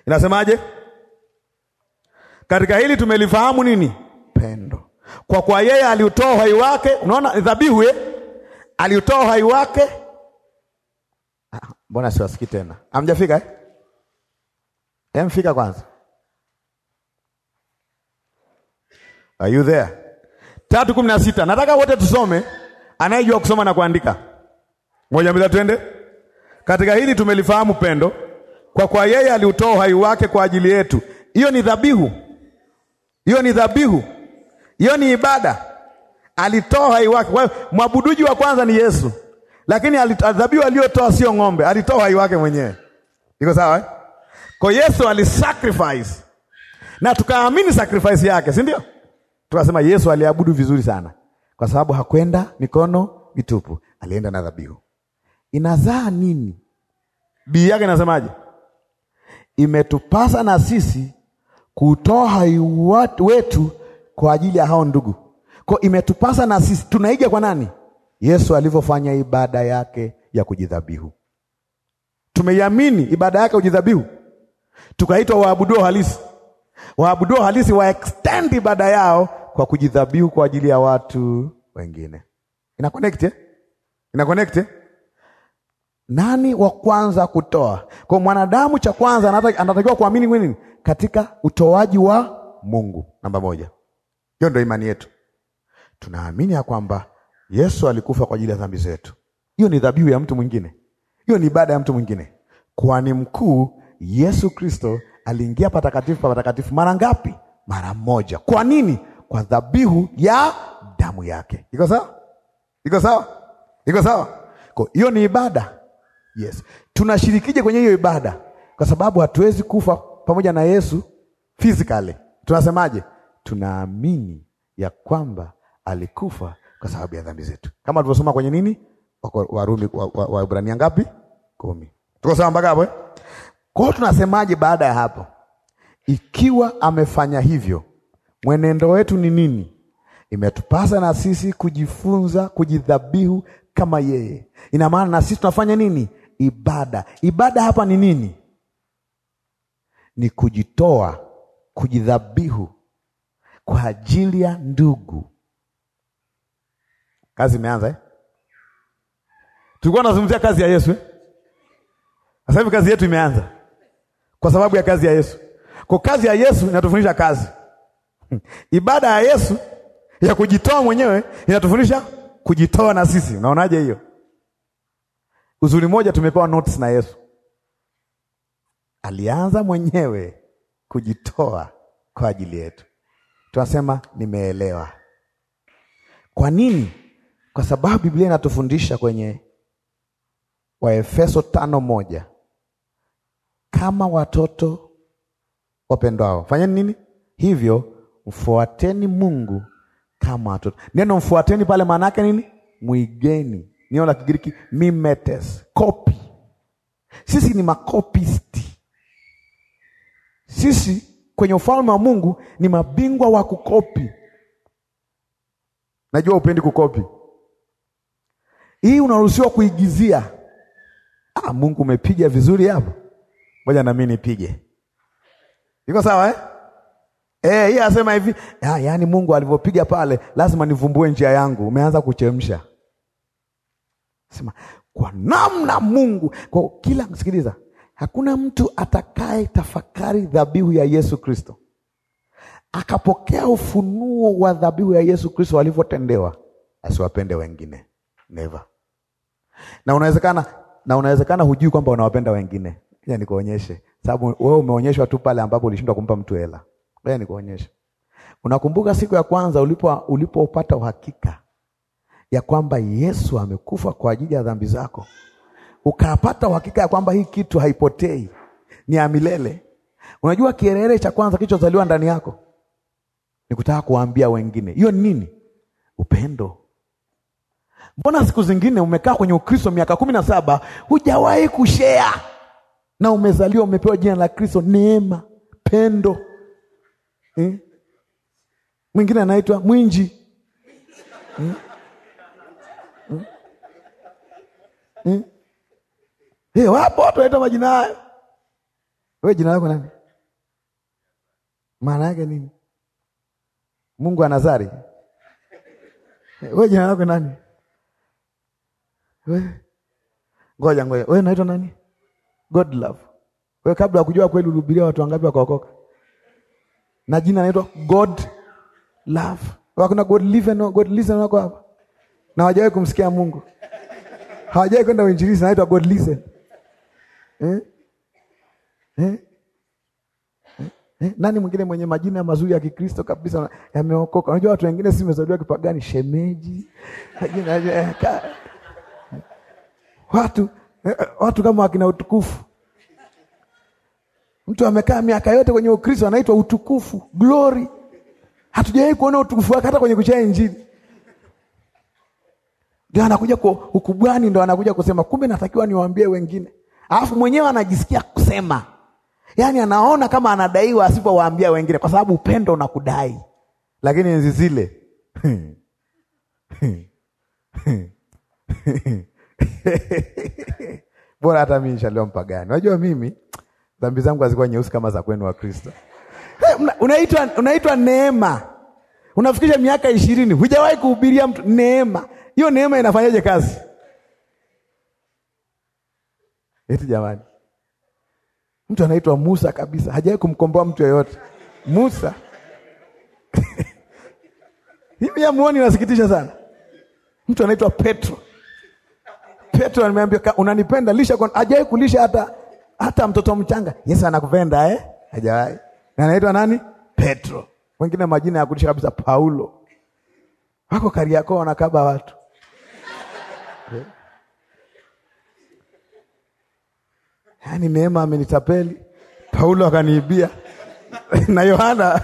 inasemaje? Katika hili tumelifahamu nini? Pendo, kwa kwa yeye aliutoa uhai wake. Unaona ni dhabihu, eh? aliutoa uhai wake Mbona siwasikii tena? amjafika eh? Emfika kwanza. Are you there? Tatu kumi na sita. Nataka wote tusome, anayejua kusoma na kuandika. Moja mbili twende. Katika hili tumelifahamu pendo kwa kwa yeye aliutoa uhai wake kwa ajili yetu. Hiyo ni dhabihu, hiyo ni dhabihu, hiyo ni ibada. Alitoa uhai wake. Kwa hiyo mwabuduji wa kwanza ni Yesu lakini adhabiu aliyotoa sio ng'ombe, alitoa uhai wake mwenyewe. Iko sawa eh? Kwa Yesu alisacrifice na tukaamini sacrifice yake, si ndio? Tukasema Yesu aliabudu vizuri sana, kwa sababu hakwenda mikono mitupu, alienda na dhabihu. Inazaa nini? Bii yake inasemaje? Imetupasa na sisi kutoa hai wetu kwa ajili ya hao ndugu. Kwa imetupasa na sisi, tunaiga kwa nani? Yesu alivyofanya ibada yake ya kujidhabihu. Tumeiamini ibada yake kujidhabihu, tukaitwa waabuduo halisi. Waabuduo halisi wa extend ibada yao kwa kujidhabihu kwa ajili ya watu wengine. Ina connect eh? Ina connect eh? Nani wa kwanza kutoa? Kwa mwanadamu cha kwanza anatakiwa kuamini nini? Katika utoaji wa Mungu. Namba moja, hiyo ndio imani yetu. Tunaamini ya kwamba Yesu alikufa kwa ajili ya dhambi zetu. Hiyo ni dhabihu ya mtu mwingine, hiyo ni ibada ya mtu mwingine. kwani mkuu Yesu Kristo aliingia patakatifu pa patakatifu mara ngapi? Mara moja. Kwa nini? Kwa dhabihu ya damu yake. Iko sawa? Iko sawa? Iko sawa? Kwa hiyo ni ibada. Yes, tunashirikije kwenye hiyo ibada? Kwa sababu hatuwezi kufa pamoja na Yesu physically. Tunasemaje? Tunaamini ya kwamba alikufa kwa sababu ya dhambi zetu, kama tulivyosoma kwenye nini, Warumi Ibrania wa, wa ngapi? Kumi. Tuko sawa mpaka hapo eh? Kwa hiyo tunasemaje baada ya hapo? Ikiwa amefanya hivyo, mwenendo wetu ni nini? Imetupasa na sisi kujifunza kujidhabihu kama yeye. Ina maana na sisi tunafanya nini? Ibada. Ibada hapa ni nini? Ni kujitoa, kujidhabihu kwa ajili ya ndugu Kazi imeanza eh? Tulikuwa tunazungumzia kazi ya Yesu eh? Sasa hivi kazi yetu imeanza kwa sababu ya kazi ya Yesu. Kwa kazi ya Yesu inatufundisha kazi. Ibada ya Yesu ya kujitoa mwenyewe inatufundisha kujitoa na sisi. Unaonaje hiyo? Uzuri moja tumepewa notes na Yesu. Alianza mwenyewe kujitoa kwa ajili yetu. Tunasema nimeelewa. Kwa nini? Kwa sababu Biblia inatufundisha kwenye Waefeso tano moja kama watoto wapendwao, fanyeni nini? Hivyo mfuateni Mungu kama watoto. Neno mfuateni pale maana yake nini? Mwigeni. Neno la Kigiriki mimetes, copy. Sisi ni makopisti. Sisi kwenye ufalme wa Mungu ni mabingwa wa kukopi. Najua upendi kukopi hii unaruhusiwa kuigizia. Ah, Mungu umepiga vizuri hapo, ngoja na mimi nipige. Iko sawa eh? Eh, yeye asema hivi ya, ah, yaani Mungu alivyopiga pale, lazima nivumbue njia yangu. Umeanza kuchemsha, sema kwa namna Mungu kwa kila. Msikiliza, hakuna mtu atakaye tafakari dhabihu ya Yesu Kristo akapokea ufunuo wa dhabihu ya Yesu Kristo alivyotendewa asiwapende wengine, never na unawezekana na unawezekana hujui kwamba unawapenda wengine. Ngoja nikuonyeshe, sababu wewe umeonyeshwa tu pale ambapo ulishindwa kumpa mtu hela. Ngoja nikuonyeshe. Unakumbuka siku ya kwanza ulipo ulipopata uhakika ya kwamba Yesu amekufa kwa ajili ya dhambi zako, ukapata uhakika ya kwamba hii kitu haipotei, ni ya milele. Unajua kielele cha kwanza kilichozaliwa ndani yako ni kutaka kuwaambia wengine. Hiyo ni nini? Upendo. Mbona siku zingine umekaa kwenye Ukristo miaka kumi na saba hujawahi kushea na umezaliwa umepewa jina la Kristo, neema, pendo eh? Mwingine anaitwa mwinji hmm? Eh? wapo watu wanaitwa majina hayo. We jina lako nani? Maana yake nini? Mungu anazari. We jina lako nani? We, ngoja ngoja, wewe unaitwa nani? God love. Wewe kabla ya kujua kweli ulihubiria watu wangapi wakaokoka? Na jina naitwa God love. Wakuna God live no God listen wako hapa. Na hawajawahi kumsikia Mungu. Hawajawahi kwenda uinjilizi naitwa God listen. Eh? eh? Eh? Eh? Nani mwingine mwenye majina mazuri ya Kikristo kabisa yameokoka? Unajua watu wengine si mezaliwa kipagani shemeji. Majina watu eh, eh, watu kama wakina utukufu. Mtu amekaa miaka yote kwenye Ukristo anaitwa utukufu, glory. Hatujawahi kuona utukufu wake hata kwenye kuchaa Injili. Ndio anakuja kwa ukubwani, ndio anakuja kusema kumbe natakiwa niwaambie wengine, alafu mwenyewe anajisikia kusema, yaani anaona kama anadaiwa asipowaambia wengine, kwa sababu upendo unakudai. Lakini enzi zile bora hata mimi nishaliwa mpagani. Unajua mimi dhambi zangu hazikuwa nyeusi kama za kwenu wa Kristo. Hey, unaitwa unaitwa neema. Unafikisha miaka ishirini hujawahi kuhubiria mtu neema. Hiyo neema inafanyaje kazi? Eti jamani, mtu anaitwa Musa kabisa, hajawahi kumkomboa mtu yoyote. Musa hivi yamuoni, nasikitisha sana. Mtu anaitwa Petro Petro anamwambia unanipenda, lisha kwa ajai kulisha hata hata mtoto mchanga. Yesu anakupenda eh? Hajawahi. Na anaitwa nani? Petro. Wengine majina ya kulisha kabisa, Paulo. Wako Kariakoo wanakaba watu. Eh? Yaani Neema amenitapeli, Paulo akaniibia na Yohana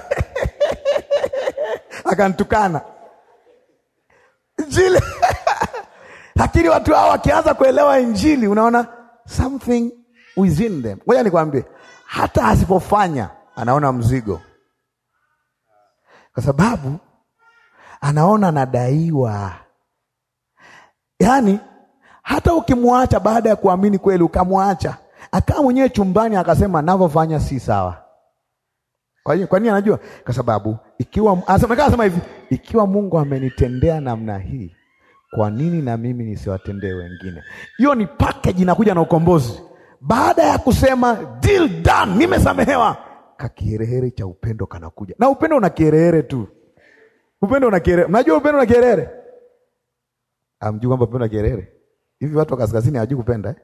akantukana jile lakini watu hao wakianza kuelewa Injili, unaona something within them. Ngoja nikwambie, hata asipofanya anaona mzigo, kwa sababu anaona anadaiwa. Yaani hata ukimwacha baada ya kuamini kweli, ukamwacha akaa mwenyewe chumbani, akasema navyofanya si sawa. Kwa kwa nini anajua? Kwa sababu ikiwa anasema hivi, ikiwa Mungu amenitendea namna hii kwa nini na mimi nisiwatendee wengine? Hiyo ni package inakuja na ukombozi. Baada ya kusema deal done, nimesamehewa, kakiherehere cha upendo kanakuja, na upendo una kiherehere tu. Upendo una kiherehere. unajua upendo una kiherehere? Amjui kwamba upendo una kiherehere? Hivi watu wa kaskazini hawajui kupenda eh?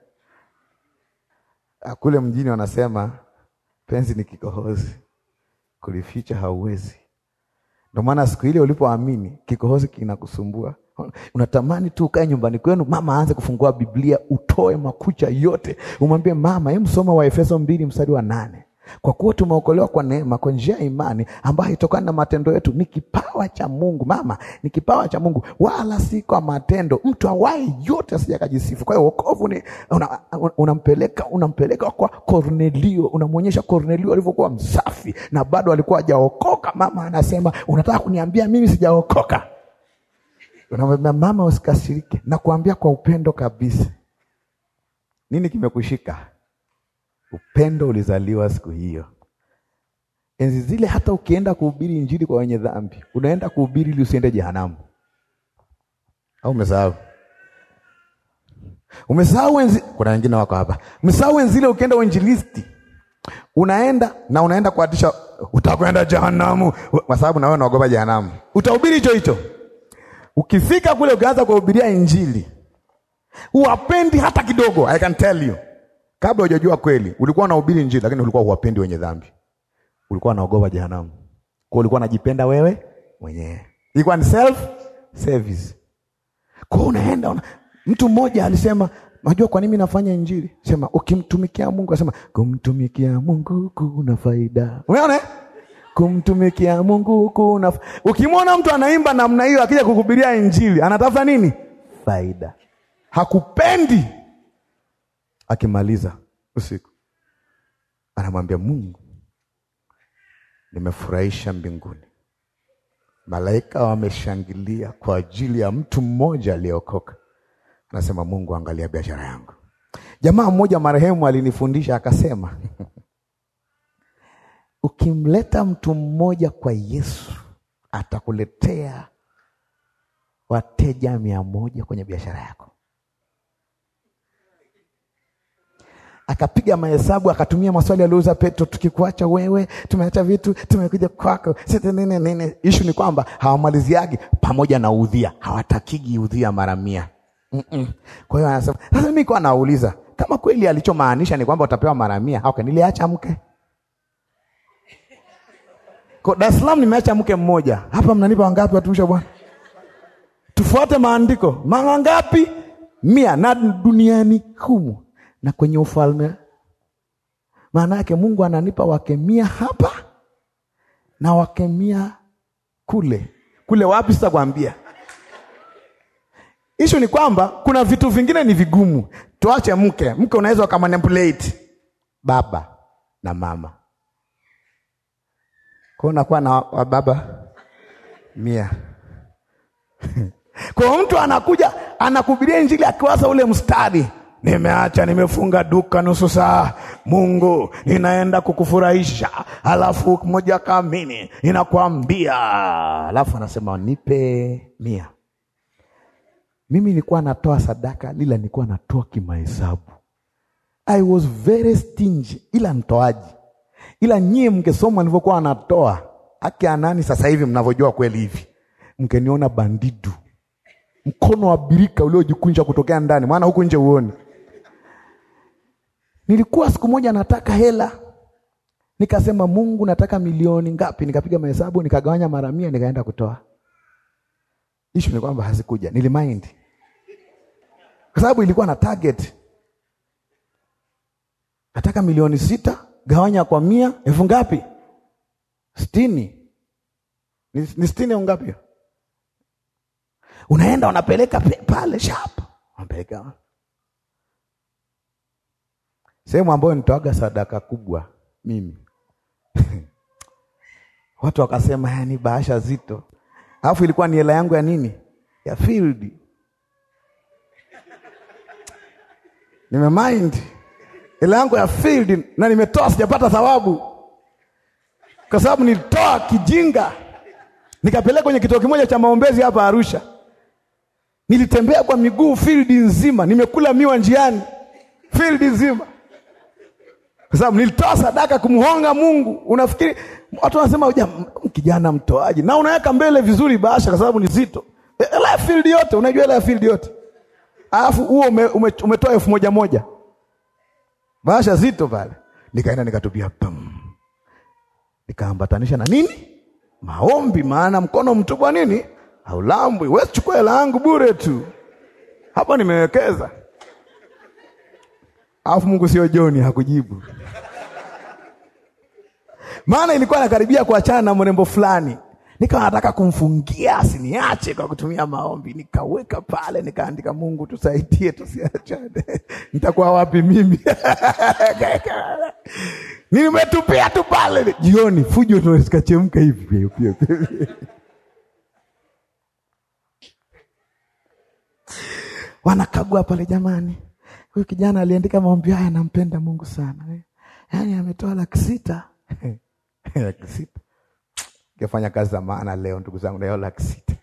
Ah, kule mjini wanasema penzi ni kikohozi, kulificha hauwezi ndio maana siku ile ulipoamini kikohozi kinakusumbua, unatamani tu ukae nyumbani kwenu, mama aanze kufungua Biblia, utoe makucha yote, umwambie mama, hebu soma Waefeso mbili mstari wa nane kwa kuwa tumeokolewa kwa neema, kwa njia ya imani ambayo haitokana na matendo yetu, ni kipawa cha Mungu. Mama, ni kipawa cha Mungu, wala si kwa matendo. Mtu awaye yote asije akajisifu. Kwa hiyo wokovu ni unampeleka, una unampeleka kwa Kornelio, unamwonyesha Kornelio alivyokuwa msafi na bado alikuwa hajaokoka. Mama anasema unataka kuniambia mimi sijaokoka? Unamwambia mama, usikasirike, nakuambia kwa upendo kabisa, nini kimekushika? Upendo ulizaliwa siku hiyo. Enzi zile hata ukienda kuhubiri injili kwa wenye dhambi, unaenda kuhubiri ili usiende jehanamu. Au umesahau? Umesahau enzi, kuna wengine wako hapa. Umesahau enzi ile ukienda uinjilisti. Unaenda na unaenda kuadisha utakwenda jehanamu kwa sababu na wewe unaogopa jehanamu. Utahubiri hicho hicho. Ukifika kule ukaanza kuhubiria injili, uwapendi hata kidogo. I can tell you kabla hujajua kweli, ulikuwa unahubiri Injili, lakini ulikuwa huwapendi wenye dhambi, ulikuwa unaogopa jehanamu, kwa ulikuwa unajipenda wewe mwenyewe, ilikuwa ni self service. Kwa unaenda una... mtu mmoja alisema, unajua kwa nini nafanya Injili? Sema ukimtumikia Mungu, asema kumtumikia Mungu kuna faida. Unaona eh? kumtumikia Mungu kuna ukimwona mtu anaimba namna hiyo, akija kukubiria Injili anatafuta nini? Faida. Hakupendi Akimaliza usiku anamwambia Mungu, nimefurahisha mbinguni, malaika wameshangilia kwa ajili ya mtu mmoja aliyeokoka. Anasema Mungu, angalia biashara yangu. Jamaa mmoja marehemu alinifundisha akasema, ukimleta mtu mmoja kwa Yesu atakuletea wateja mia moja kwenye biashara yako. akapiga mahesabu, akatumia maswali aliouza Petro, tukikuacha wewe tumeacha vitu, tumekuja kwako sisi nene nene. Ishu ni kwamba hawamaliziagi pamoja na udhia, hawatakigi udhia mara mia. mm -mm. Kwa hiyo anasema sasa, mimi kwa nauliza kama kweli alichomaanisha ni kwamba utapewa mara mia, okay, niliacha mke kwa Dar es Salaam, nimeacha mke mmoja hapa, mnanipa wangapi watumishi Bwana? Tufuate maandiko, mara ngapi? Mia na duniani humu na kwenye ufalme. Maana yake Mungu ananipa wakemia hapa na wakemia kule. Kule wapi? Sitakwambia. Ishu ni kwamba kuna vitu vingine ni vigumu. Tuache mke, mke unaweza ukamanipulate baba na mama, kwa unakuwa na wababa mia kwa mtu anakuja anakubiria Injili akiwaza ule mstari nimeacha nimefunga duka nusu saa, Mungu ninaenda kukufurahisha. Alafu moja kamini ninakwambia alafu anasema nipe mia. Mimi nilikuwa natoa sadaka, ila nilikuwa natoa kimahesabu. I was very stingy, ila mtoaji, ila nyie mkesoma nilivyokuwa anatoa anani, Sasa hivi mnavyojua kweli hivi, mkeniona bandidu, mkono wa birika uliojikunja kutokea ndani, maana huku nje huoni Nilikuwa siku moja nataka hela nikasema, Mungu nataka milioni ngapi? Nikapiga mahesabu nikagawanya mara mia nikaenda kutoa. Ishu ni kwamba hazikuja, nilimind kwa sababu ilikuwa na target. Nataka milioni sita, gawanya kwa mia, elfu ngapi? Sitini. Ni sitini au ngapi? Unaenda unapeleka pale shap, unapeleka sehemu ambayo nitoaga sadaka kubwa mimi watu wakasema haya ni bahasha zito, alafu ilikuwa ni hela yangu ya nini ya field nimemind hela yangu ya field na nimetoa, sijapata thawabu kwa sababu nilitoa kijinga, nikapeleka kwenye kituo kimoja cha maombezi hapa Arusha. Nilitembea kwa miguu field nzima, nimekula miwa njiani field nzima kwa sababu nilitoa sadaka kumhonga Mungu. Unafikiri watu wanasema uja kijana mtoaji, na unaweka mbele vizuri bahasha, kwa sababu ni zito, hela ya field yote, unajua hela ya field yote, alafu huo ume, ume, umetoa elfu moja moja, bahasha zito pale. Nikaenda nikatupia pam, nikaambatanisha na nini, maombi, maana mkono mtubwa nini haulambwi. Wewe chukua hela yangu bure tu, hapa nimewekeza. Alafu Mungu sio Joni, hakujibu maana ilikuwa nakaribia kuachana na mrembo fulani, nikawa nataka kumfungia asiniache kwa kutumia maombi, nikaweka pale, nikaandika, Mungu tusaidie, tusiachane nitakuwa wapi mimi? nimetupia tu pale jioni, fujo ndio zikachemka hivi wanakagua pale, jamani, huyu kijana aliandika maombi haya, anampenda Mungu sana, eh, yaani ametoa laki sita laki sita ngefanya kazi za maana leo, ndugu zangu, nayo laki sita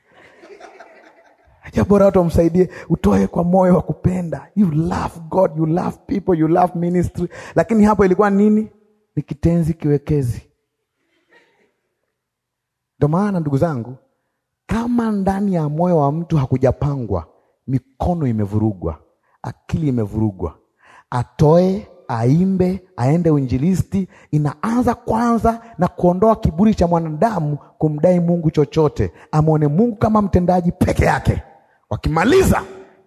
ja bora watu wamsaidie, utoe kwa moyo wa kupenda. You love God, you love people, you love ministry. Lakini hapo ilikuwa nini? Ni kitenzi kiwekezi. Ndo maana ndugu zangu, kama ndani ya moyo wa mtu hakujapangwa, mikono imevurugwa, akili imevurugwa, atoe aimbe, aende uinjilisti. Inaanza kwanza na kuondoa kiburi cha mwanadamu kumdai Mungu chochote, amwone Mungu kama mtendaji peke yake. Wakimaliza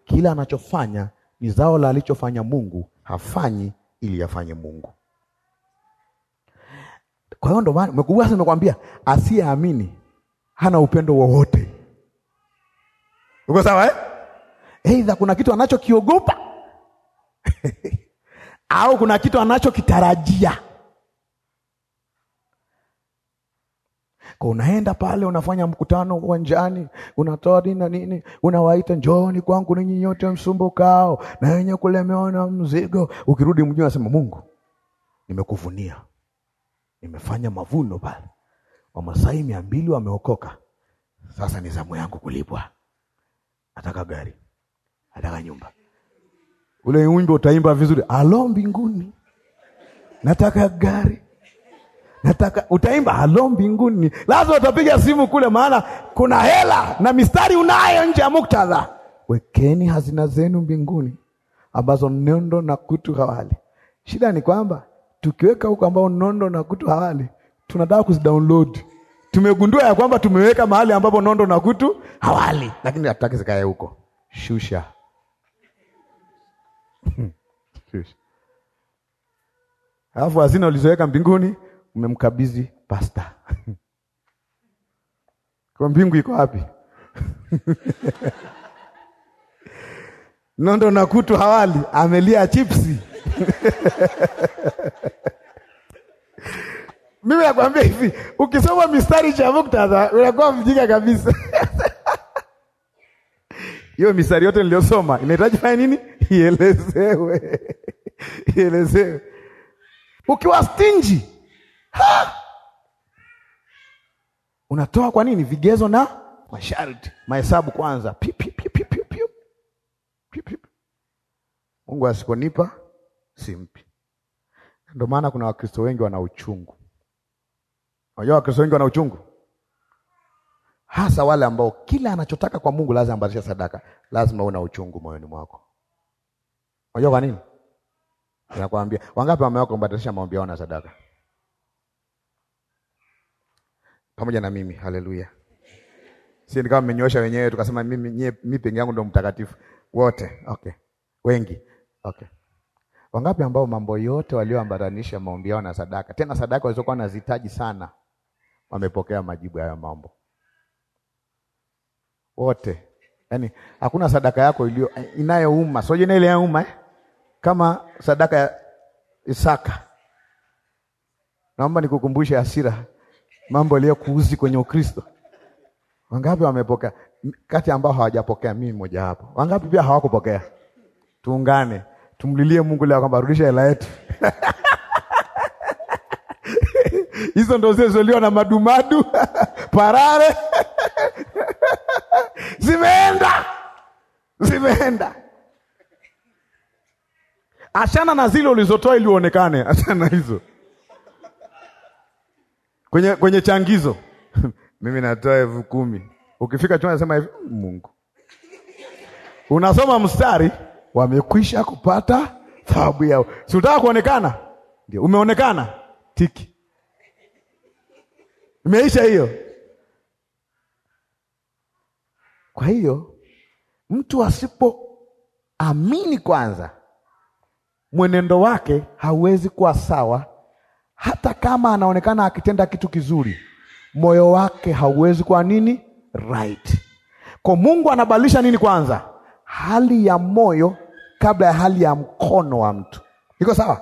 kila anachofanya ni zao la alichofanya Mungu, hafanyi ili afanye Mungu. Kwa hiyo ndo maana mekubwa nimekwambia, asiyeamini hana upendo wowote. Uko sawa eh? Aidha kuna kitu anachokiogopa au kuna kitu anachokitarajia. Kwa unaenda pale unafanya mkutano uwanjani, unatoa nini na nini, unawaita njooni kwangu ninyi nyote msumbukao na wenye kulemewa na mzigo. Ukirudi mjini unasema Mungu, nimekuvunia, nimefanya mavuno pale, Wamasai mia mbili wameokoka. Sasa ni zamu yangu kulipwa. Nataka gari, nataka nyumba ule wimbo utaimba vizuri, alo mbinguni, nataka gari, nataka utaimba alo mbinguni. Lazima utapiga simu kule, maana kuna hela na mistari unayo nje ya muktadha. Wekeni hazina zenu mbinguni, ambazo nondo na kutu hawali. Shida ni kwamba tukiweka huko ambao nondo na kutu hawali, tunataka kuzidownload. Tumegundua ya kwamba tumeweka mahali ambapo nondo na kutu hawali, lakini hatutaki zikae huko. Shusha. Hmm. alafu hazina ulizoweka mbinguni umemkabidhi pasta. Kwa mbingu iko wapi? nondo na kutu hawali, amelia chipsi mimi nakwambia hivi, ukisoma mistari cha muktadha unakuwa mjinga kabisa hiyo misari yote niliyosoma inahitaji fanya nini? Ielezewe, ielezewe. Ukiwa stinji unatoa kwa nini? Vigezo na masharti, mahesabu kwanza, Mungu asiponipa simpi. Ndio maana kuna Wakristo wengi wana uchungu. Unajua Wakristo wengi wana uchungu hasa wale ambao kila anachotaka kwa Mungu lazima ambarisha sadaka. Lazima una uchungu moyoni mwako. Unajua kwa nini? Nakwambia, wangapi wame wako mbadilisha maombi yao na sadaka pamoja na mimi. Haleluya! si nikawa mmenyosha wenyewe, tukasema mimi nye, mimi pengi yangu ndo mtakatifu wote. Okay, wengi. Okay, wangapi ambao mambo yote walioambatanisha maombi yao na sadaka, tena sadaka walizokuwa wanazihitaji sana, wamepokea majibu ya mambo wote, yaani hakuna sadaka yako iliyo inayouma soje na ile yauma eh? kama sadaka ya Isaka. Naomba nikukumbushe hasira, mambo yaliyokuuzi kwenye Ukristo. Wangapi wamepokea kati ambao hawajapokea? Mimi mmoja hapo. Wangapi pia hawakupokea? Tuungane, tumlilie Mungu leo kwamba rudisha hela yetu hizo ndo zilizoliwa na madumadu parare zimeenda zimeenda. Achana na zile ulizotoa ili uonekane, achana hizo kwenye, kwenye changizo mimi natoa elfu kumi ukifika chuma nasema hivi, mm, Mungu unasoma mstari, wamekwisha kupata thawabu yao. Si unataka kuonekana? Ndio umeonekana, tiki imeisha hiyo. Kwa hiyo mtu asipoamini kwanza, mwenendo wake hauwezi kuwa sawa. Hata kama anaonekana akitenda kitu kizuri, moyo wake hauwezi kuwa nini, right. Kwa Mungu anabadilisha nini kwanza? Hali ya moyo kabla ya hali ya mkono wa mtu. Iko sawa?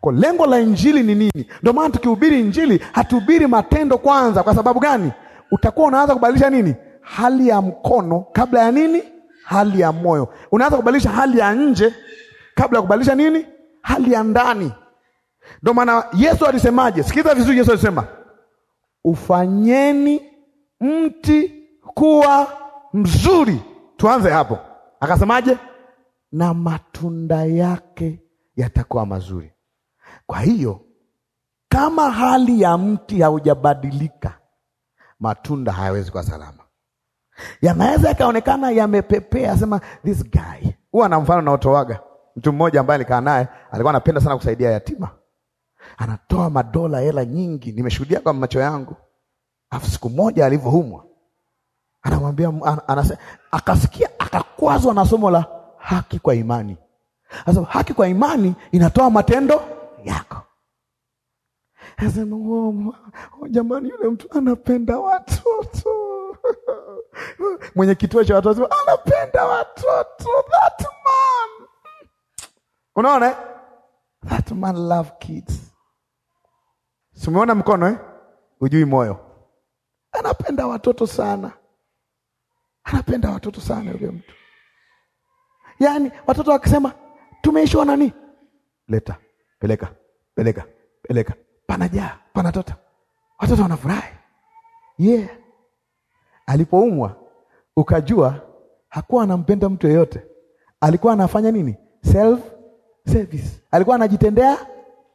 Kwa lengo la injili ni nini? Ndio maana tukihubiri injili hatuhubiri matendo kwanza. Kwa sababu gani? Utakuwa unaanza kubadilisha nini hali ya mkono kabla ya nini? Hali ya moyo. Unaanza kubadilisha hali ya nje kabla ya kubadilisha nini? Hali ya ndani. Ndio maana Yesu alisemaje? Sikiza vizuri, Yesu alisema ufanyeni mti kuwa mzuri. Tuanze hapo, akasemaje? Na matunda yake yatakuwa mazuri. Kwa hiyo kama hali ya mti haujabadilika, matunda hayawezi kuwa salama yanaweza yakaonekana yamepepea, asema this guy. Huwa na mfano naotoaga, mtu mmoja ambaye alikaa naye alikuwa anapenda sana kusaidia yatima, anatoa madola, hela nyingi, nimeshuhudia kwa macho yangu. Afu siku moja alivyoumwa, anamwambia anasema, akasikia akakwazwa na somo la haki kwa imani. Asema haki kwa imani inatoa matendo yako. Asema jamani, yule mtu anapenda watoto mwenye kituo cha watoto anapenda watoto. That man, unaona, eh? that man love kids. Simeona mkono eh? Ujui moyo, anapenda watoto sana, anapenda watoto sana yule mtu. Yaani watoto wakisema tumeishiwa nani, leta, peleka, peleka, peleka, panajaa, panatota, watoto wanafurahi yeah alipoumwa ukajua hakuwa anampenda mtu yeyote, alikuwa anafanya nini? Self service, alikuwa anajitendea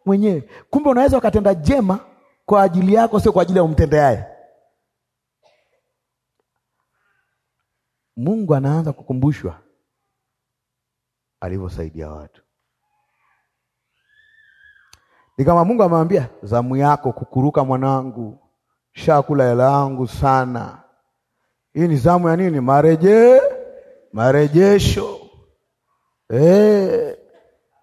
mwenyewe. Kumbe unaweza ukatenda jema kwa ajili yako, sio kwa ajili ya umtendeaye. Mungu anaanza kukumbushwa alivyosaidia watu. Ni kama Mungu amemwambia, zamu yako kukuruka mwanangu, shakula hela yangu sana hii ni zamu ya nini? Mareje marejesho e,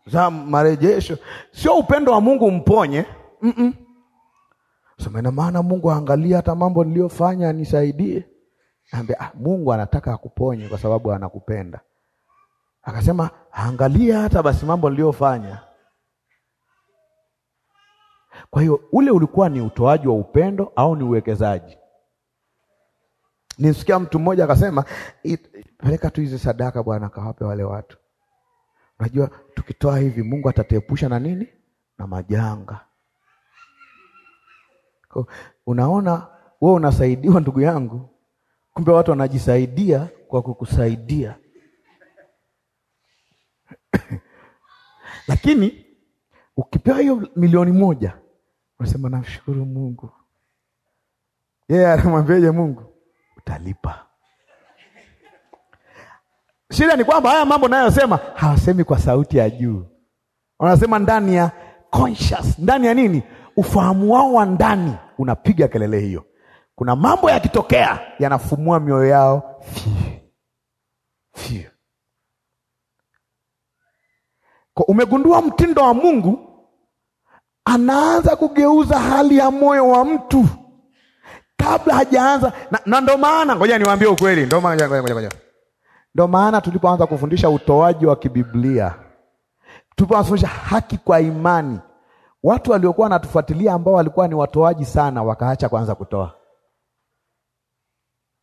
zamu marejesho, sio upendo wa Mungu mponye mm -mm. Sema ina maana Mungu aangalie hata mambo niliyofanya nisaidie. Ambia, ah, Mungu anataka akuponye kwa sababu anakupenda. Akasema angalia hata basi mambo niliyofanya. Kwa hiyo ule ulikuwa ni utoaji wa upendo au ni uwekezaji? Nisikia mtu mmoja akasema, peleka tu hizi sadaka Bwana kawape wale watu. Unajua tukitoa hivi Mungu atatepusha na nini? Na majanga. Kwa, unaona wewe unasaidiwa ndugu yangu, kumbe watu wanajisaidia kwa kukusaidia. Lakini ukipewa hiyo milioni moja unasema namshukuru Mungu. Yeye yeah, anamwambiaje Mungu? utalipa. Shida ni kwamba haya mambo nayosema hawasemi kwa sauti ya juu, wanasema ndani ya conscious, ndani ya nini, ufahamu wao wa ndani unapiga kelele hiyo. Kuna mambo yakitokea yanafumua mioyo yao fiu fiu. Kwa umegundua mtindo wa Mungu, anaanza kugeuza hali ya moyo wa mtu kabla hajaanza na, na ndo maana ngoja niwaambie ukweli, ndo maana ngoja ngoja, ndo maana tulipoanza kufundisha utoaji wa kibiblia, tulipoanza haki kwa imani, watu waliokuwa wanatufuatilia ambao walikuwa ni watoaji sana wakaacha kwanza kutoa.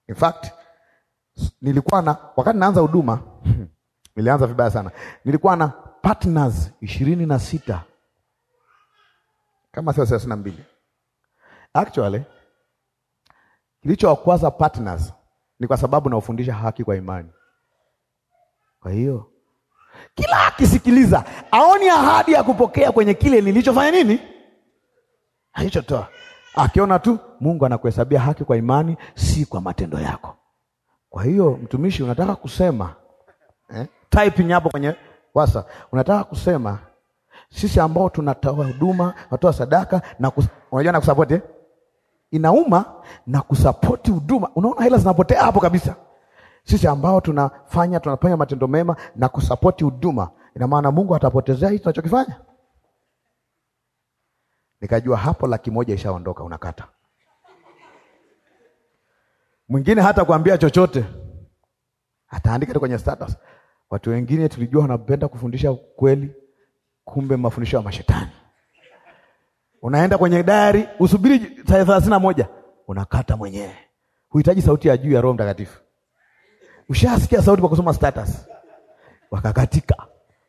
In fact nilikuwa na wakati naanza huduma nilianza vibaya sana, nilikuwa na partners ishirini na sita kama sio thelathini na mbili actually Kilichowakwaza partners ni kwa sababu naofundisha haki kwa imani. Kwa hiyo kila akisikiliza aoni ahadi ya kupokea kwenye kile nilichofanya nini alichotoa, akiona tu Mungu anakuhesabia haki kwa imani, si kwa matendo yako. Kwa hiyo mtumishi, unataka kusema eh, typing hapo kwenye wasa, unataka kusema sisi ambao tunatoa huduma, tunatoa sadaka na unajua na kusapoti eh? inauma na kusapoti huduma. Unaona hela zinapotea hapo kabisa. Sisi ambao tunafanya tunafanya matendo mema na kusapoti huduma, ina maana Mungu atapotezea hii tunachokifanya. Nikajua hapo laki moja ishaondoka, unakata mwingine hata kuambia chochote ataandika tu kwenye status. Watu wengine tulijua wanapenda kufundisha kweli, kumbe mafundisho ya mashetani. Unaenda kwenye dari, usubiri saa thelathini na moja unakata mwenyewe, huhitaji sauti ya juu ya Roho Mtakatifu. Ushasikia sauti kwa kusoma status. Wakakatika,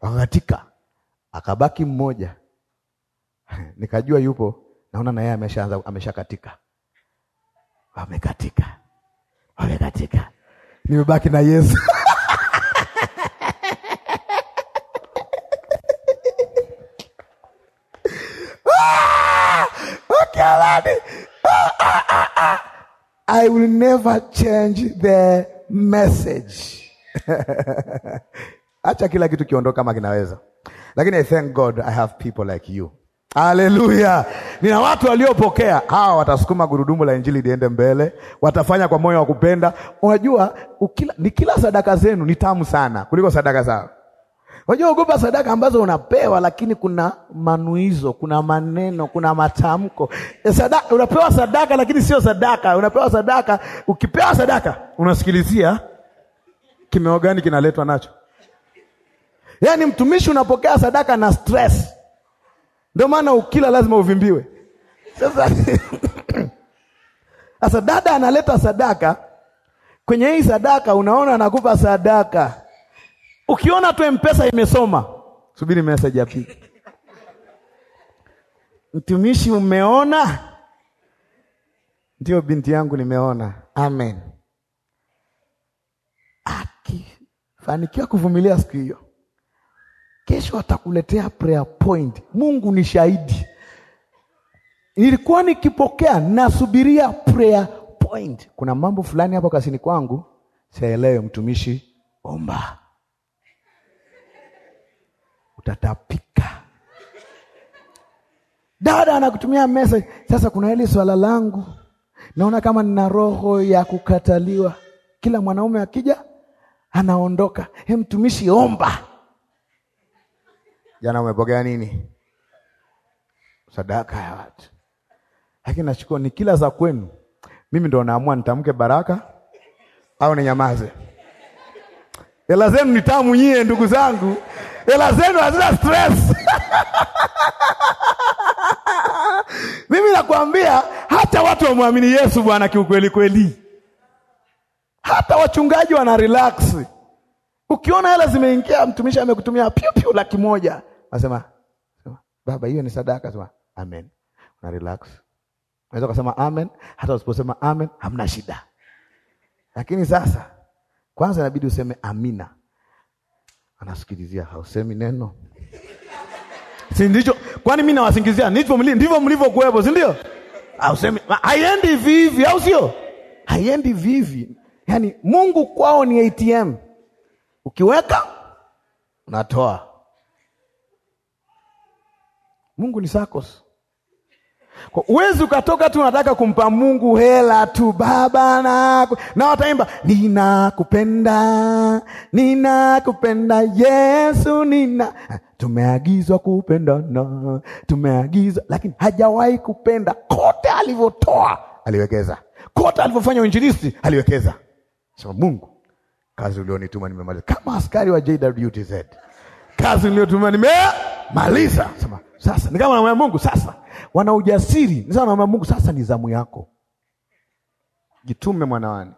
wakakatika, akabaki mmoja nikajua yupo, naona na yeye ameshaanza, ameshakatika, wamekatika, wamekatika, nimebaki na Yesu ah! ukialani ah, ah, ah, I will never change the message. Acha kila kitu kiondoka kama kinaweza, lakini I thank God I have people like you. Haleluya! Nina watu waliopokea. Hawa watasukuma gurudumu la injili liende mbele, watafanya kwa moyo wa kupenda. Unajua ukila, ni kila sadaka zenu ni tamu sana kuliko sadaka zao. Wajua, ogopa sadaka ambazo unapewa, lakini kuna manuizo, kuna maneno, kuna matamko. Eh, sadaka unapewa sadaka, lakini sio sadaka. Unapewa sadaka, ukipewa sadaka unasikilizia kimeo gani kinaletwa nacho. Yaani mtumishi unapokea sadaka na stress, ndio maana ukila lazima uvimbiwe. Sasa sasa dada analeta sadaka, kwenye hii sadaka unaona anakupa sadaka Ukiona tu mpesa imesoma, subiri message ya pili. Mtumishi, umeona? Ndio binti yangu, nimeona. Amen. Akifanikiwa kuvumilia siku hiyo, kesho atakuletea prayer point. Mungu ni shahidi, nilikuwa nikipokea, nasubiria prayer point. Kuna mambo fulani hapo kasini kwangu sielewe. Mtumishi, omba utatapika. Dada anakutumia message, sasa kuna hili swala langu, naona kama nina roho ya kukataliwa. Kila mwanaume akija anaondoka. He, mtumishi, omba. Jana umepokea nini? Sadaka ya watu, lakini nachukua ni kila za kwenu. Mimi ndo naamua nitamke baraka au ninyamaze. Hela zenu ni tamu nyie, ndugu zangu, hela zenu hazina stress mimi nakwambia, hata watu wamwamini Yesu Bwana kiukweli kweli, hata wachungaji wana relax. Ukiona hela zimeingia, mtumishi amekutumia piu piu laki moja, nasema baba, hiyo ni sadaka. Sema amen, una relax. Unaweza kusema amen, hata usiposema amen hamna shida, lakini sasa kwanza inabidi useme amina. Anasikilizia, hausemi neno si ndicho? Kwani mi nawasingizia? Ndivyo mlivyokuwepo, si ndio? Hausemi, haiendi hivi hivi, au sio? Haiendi hivi hivi. Yaani Mungu kwao ni ATM, ukiweka unatoa. Mungu ni SACCOS. Uwezi ukatoka tu unataka kumpa Mungu hela tu, baba na na wataimba nina kupenda Yesu, nina tumeagizwa na tumeagizwa lakini hajawahi kupenda. Kote alivyotoa aliwekeza, kote alivyofanya uinjilisti aliwekeza. Sema Mungu, kazi ulionituma nimemaliza, kama askari wa JWTZ, kazi niliyotuma nime maliza. Sema sasa, ni kama namwambia Mungu sasa, wana ujasiri ni sawa, namwambia Mungu sasa, ni zamu yako, jitume mwanawani.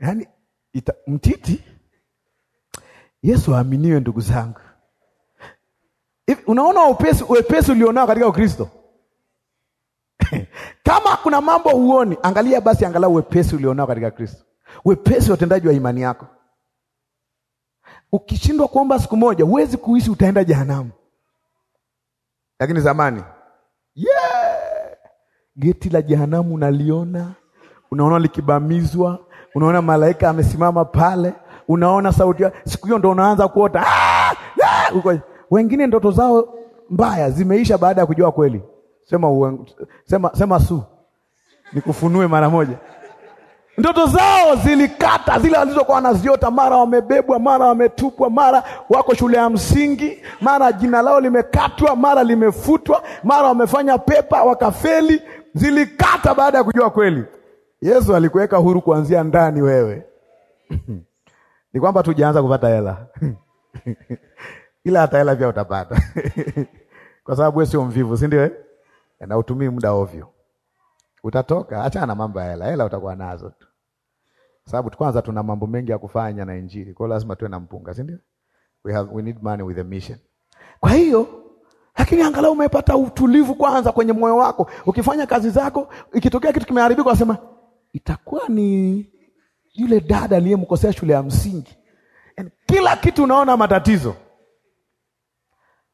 Yaani ita, mtiti Yesu aaminiwe, ndugu zangu. Unaona upesi, ulionao katika Ukristo kama kuna mambo huoni, angalia basi, angalau wepesi ulionao katika Kristo wepesi wa utendaji wa imani yako. Ukishindwa kuomba siku moja, huwezi kuishi, utaenda jehanamu. Lakini zamani yeah! geti la jehanamu unaliona, unaona likibamizwa, unaona malaika amesimama pale, unaona sauti siku hiyo, ndo unaanza kuota ah! Ah! uko. Wengine ndoto zao mbaya zimeisha baada ya kujua kweli. Sema sema, sema su nikufunue mara moja. Ndoto zao zilikata, zile walizokuwa wanaziota, mara wamebebwa, mara wametupwa, mara wako shule ya msingi, mara jina lao limekatwa, mara limefutwa, mara wamefanya pepa wakafeli. Zilikata baada ya kujua kweli Yesu alikuweka huru kuanzia ndani wewe. Ni kwamba tujaanza kupata hela ila hata hela pia utapata kwa sababu wewe sio mvivu, si ndio? Eh? Na utumii muda ovyo, utatoka. Achana na mambo ya hela, hela utakuwa nazo tu sababu kwanza tuna mambo mengi ya kufanya na Injili, kwa hiyo lazima tuwe na mpunga, si ndio? We have, we need money with a mission. Kwa hiyo lakini angalau umepata utulivu kwanza kwenye moyo wako, ukifanya kazi zako, ikitokea kitu kimeharibika, unasema itakuwa ni yule dada aliyemkosea shule ya msingi. And kila kitu unaona matatizo,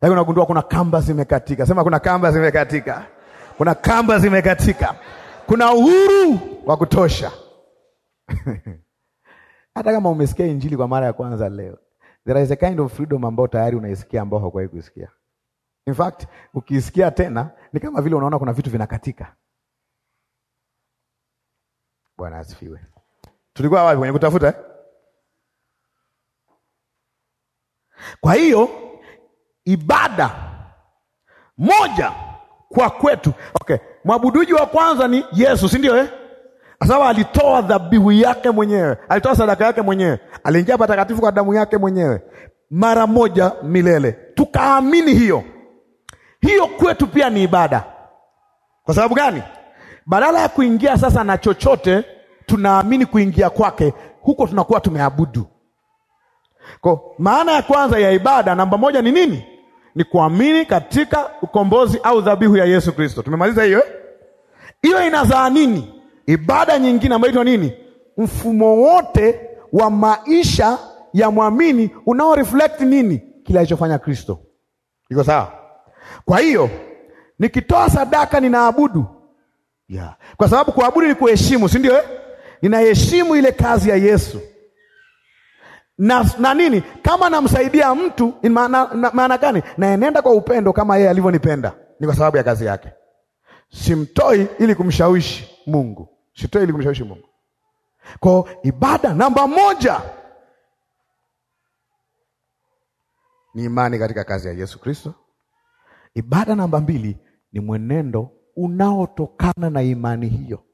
lakini unagundua kuna kamba zimekatika. Sema kuna kamba zimekatika, kuna kamba zimekatika, kuna uhuru wa kutosha. Hata kama umesikia injili kwa mara ya kwanza leo, there is a kind of freedom ambao tayari unaisikia ambao hakuwahi kuisikia. In fact, ukiisikia tena ni kama vile unaona kuna vitu vinakatika. Bwana asifiwe. Tulikuwa wapi kwenye kutafuta eh? Kwa hiyo ibada moja kwa kwetu, okay. Mwabuduji wa kwanza ni Yesu, si ndio eh? kwa sababu alitoa dhabihu yake mwenyewe, alitoa sadaka yake mwenyewe, aliingia patakatifu kwa damu yake mwenyewe mara moja milele. Tukaamini hiyo hiyo, kwetu pia ni ibada. Kwa sababu gani? Badala ya kuingia sasa na chochote, tunaamini kuingia kwake, huko tunakuwa tumeabudu. Kwa maana ya kwanza ya ibada namba moja ni nini? Ni kuamini katika ukombozi au dhabihu ya Yesu Kristo. Tumemaliza hiyo eh? hiyo, inazaa nini? Ibada nyingine ambayo inaitwa nini? Mfumo wote wa maisha ya mwamini unao reflect nini? Kile alichofanya Kristo. Iko sawa? Kwa hiyo nikitoa sadaka ninaabudu, yeah. Kwa sababu kuabudu ni kuheshimu, si ndio eh? Ninaheshimu ile kazi ya Yesu na, na nini kama namsaidia mtu maana gani? Naenenda kwa upendo kama yeye alivyonipenda, ni kwa sababu ya kazi yake. Simtoi ili kumshawishi Mungu sitoi ili kumshawishi Mungu. Kwa ibada namba moja ni imani katika kazi ya Yesu Kristo. Ibada namba mbili ni mwenendo unaotokana na imani hiyo.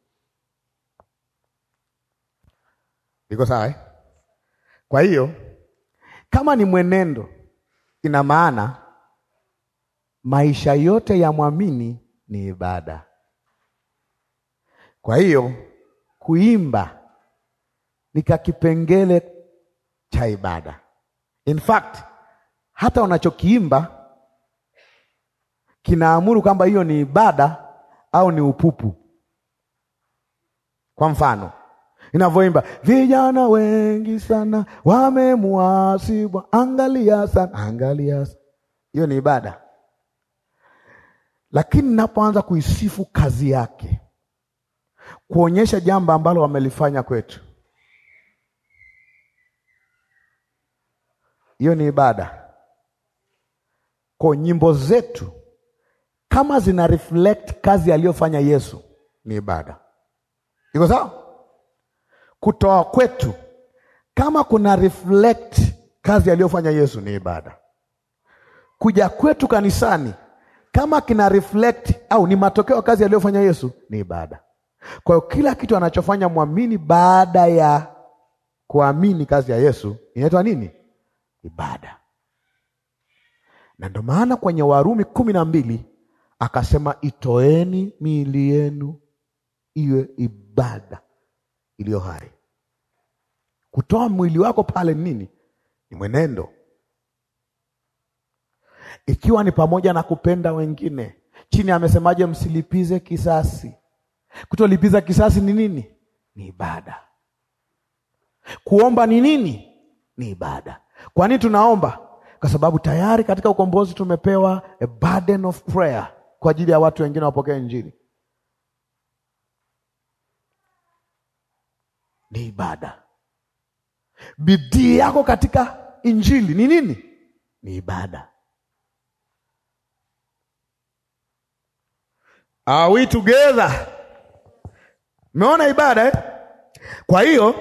Iko sawa eh? Kwa hiyo kama ni mwenendo, ina maana maisha yote ya mwamini ni ibada. Kwa hiyo kuimba ni kipengele cha ibada. In fact, hata unachokiimba kinaamuru kwamba hiyo ni ibada au ni upupu. Kwa mfano inavyoimba vijana wengi sana wamemuasi Bwana, angalia sana, angalia sana. Hiyo ni ibada, lakini napoanza kuisifu kazi yake kuonyesha jambo ambalo wamelifanya kwetu. Hiyo ni ibada. Kwa nyimbo zetu kama zina reflect kazi aliyofanya Yesu ni ibada. Iko sawa? Kutoa kwetu kama kuna reflect kazi aliyofanya Yesu ni ibada. Kuja kwetu kanisani kama kina reflect au ni matokeo kazi aliyofanya Yesu ni ibada. Kwa hiyo kila kitu anachofanya mwamini baada ya kuamini kazi ya Yesu inaitwa nini? Ibada. Na ndio maana kwenye Warumi kumi na mbili akasema itoeni miili yenu iwe ibada iliyo hai. Kutoa mwili wako pale nini? Ni mwenendo, ikiwa ni pamoja na kupenda wengine. Chini amesemaje? Msilipize kisasi Kutolipiza kisasi ni nini? Ni ibada. Kuomba ni nini? Ni ibada. Kwa nini tunaomba? Kwa sababu tayari katika ukombozi tumepewa a burden of prayer kwa ajili ya watu wengine wapokee Injili. Ni ibada. Bidii yako katika Injili ni nini? Ni ibada. Are we together? Umeona ibada eh? Kwa hiyo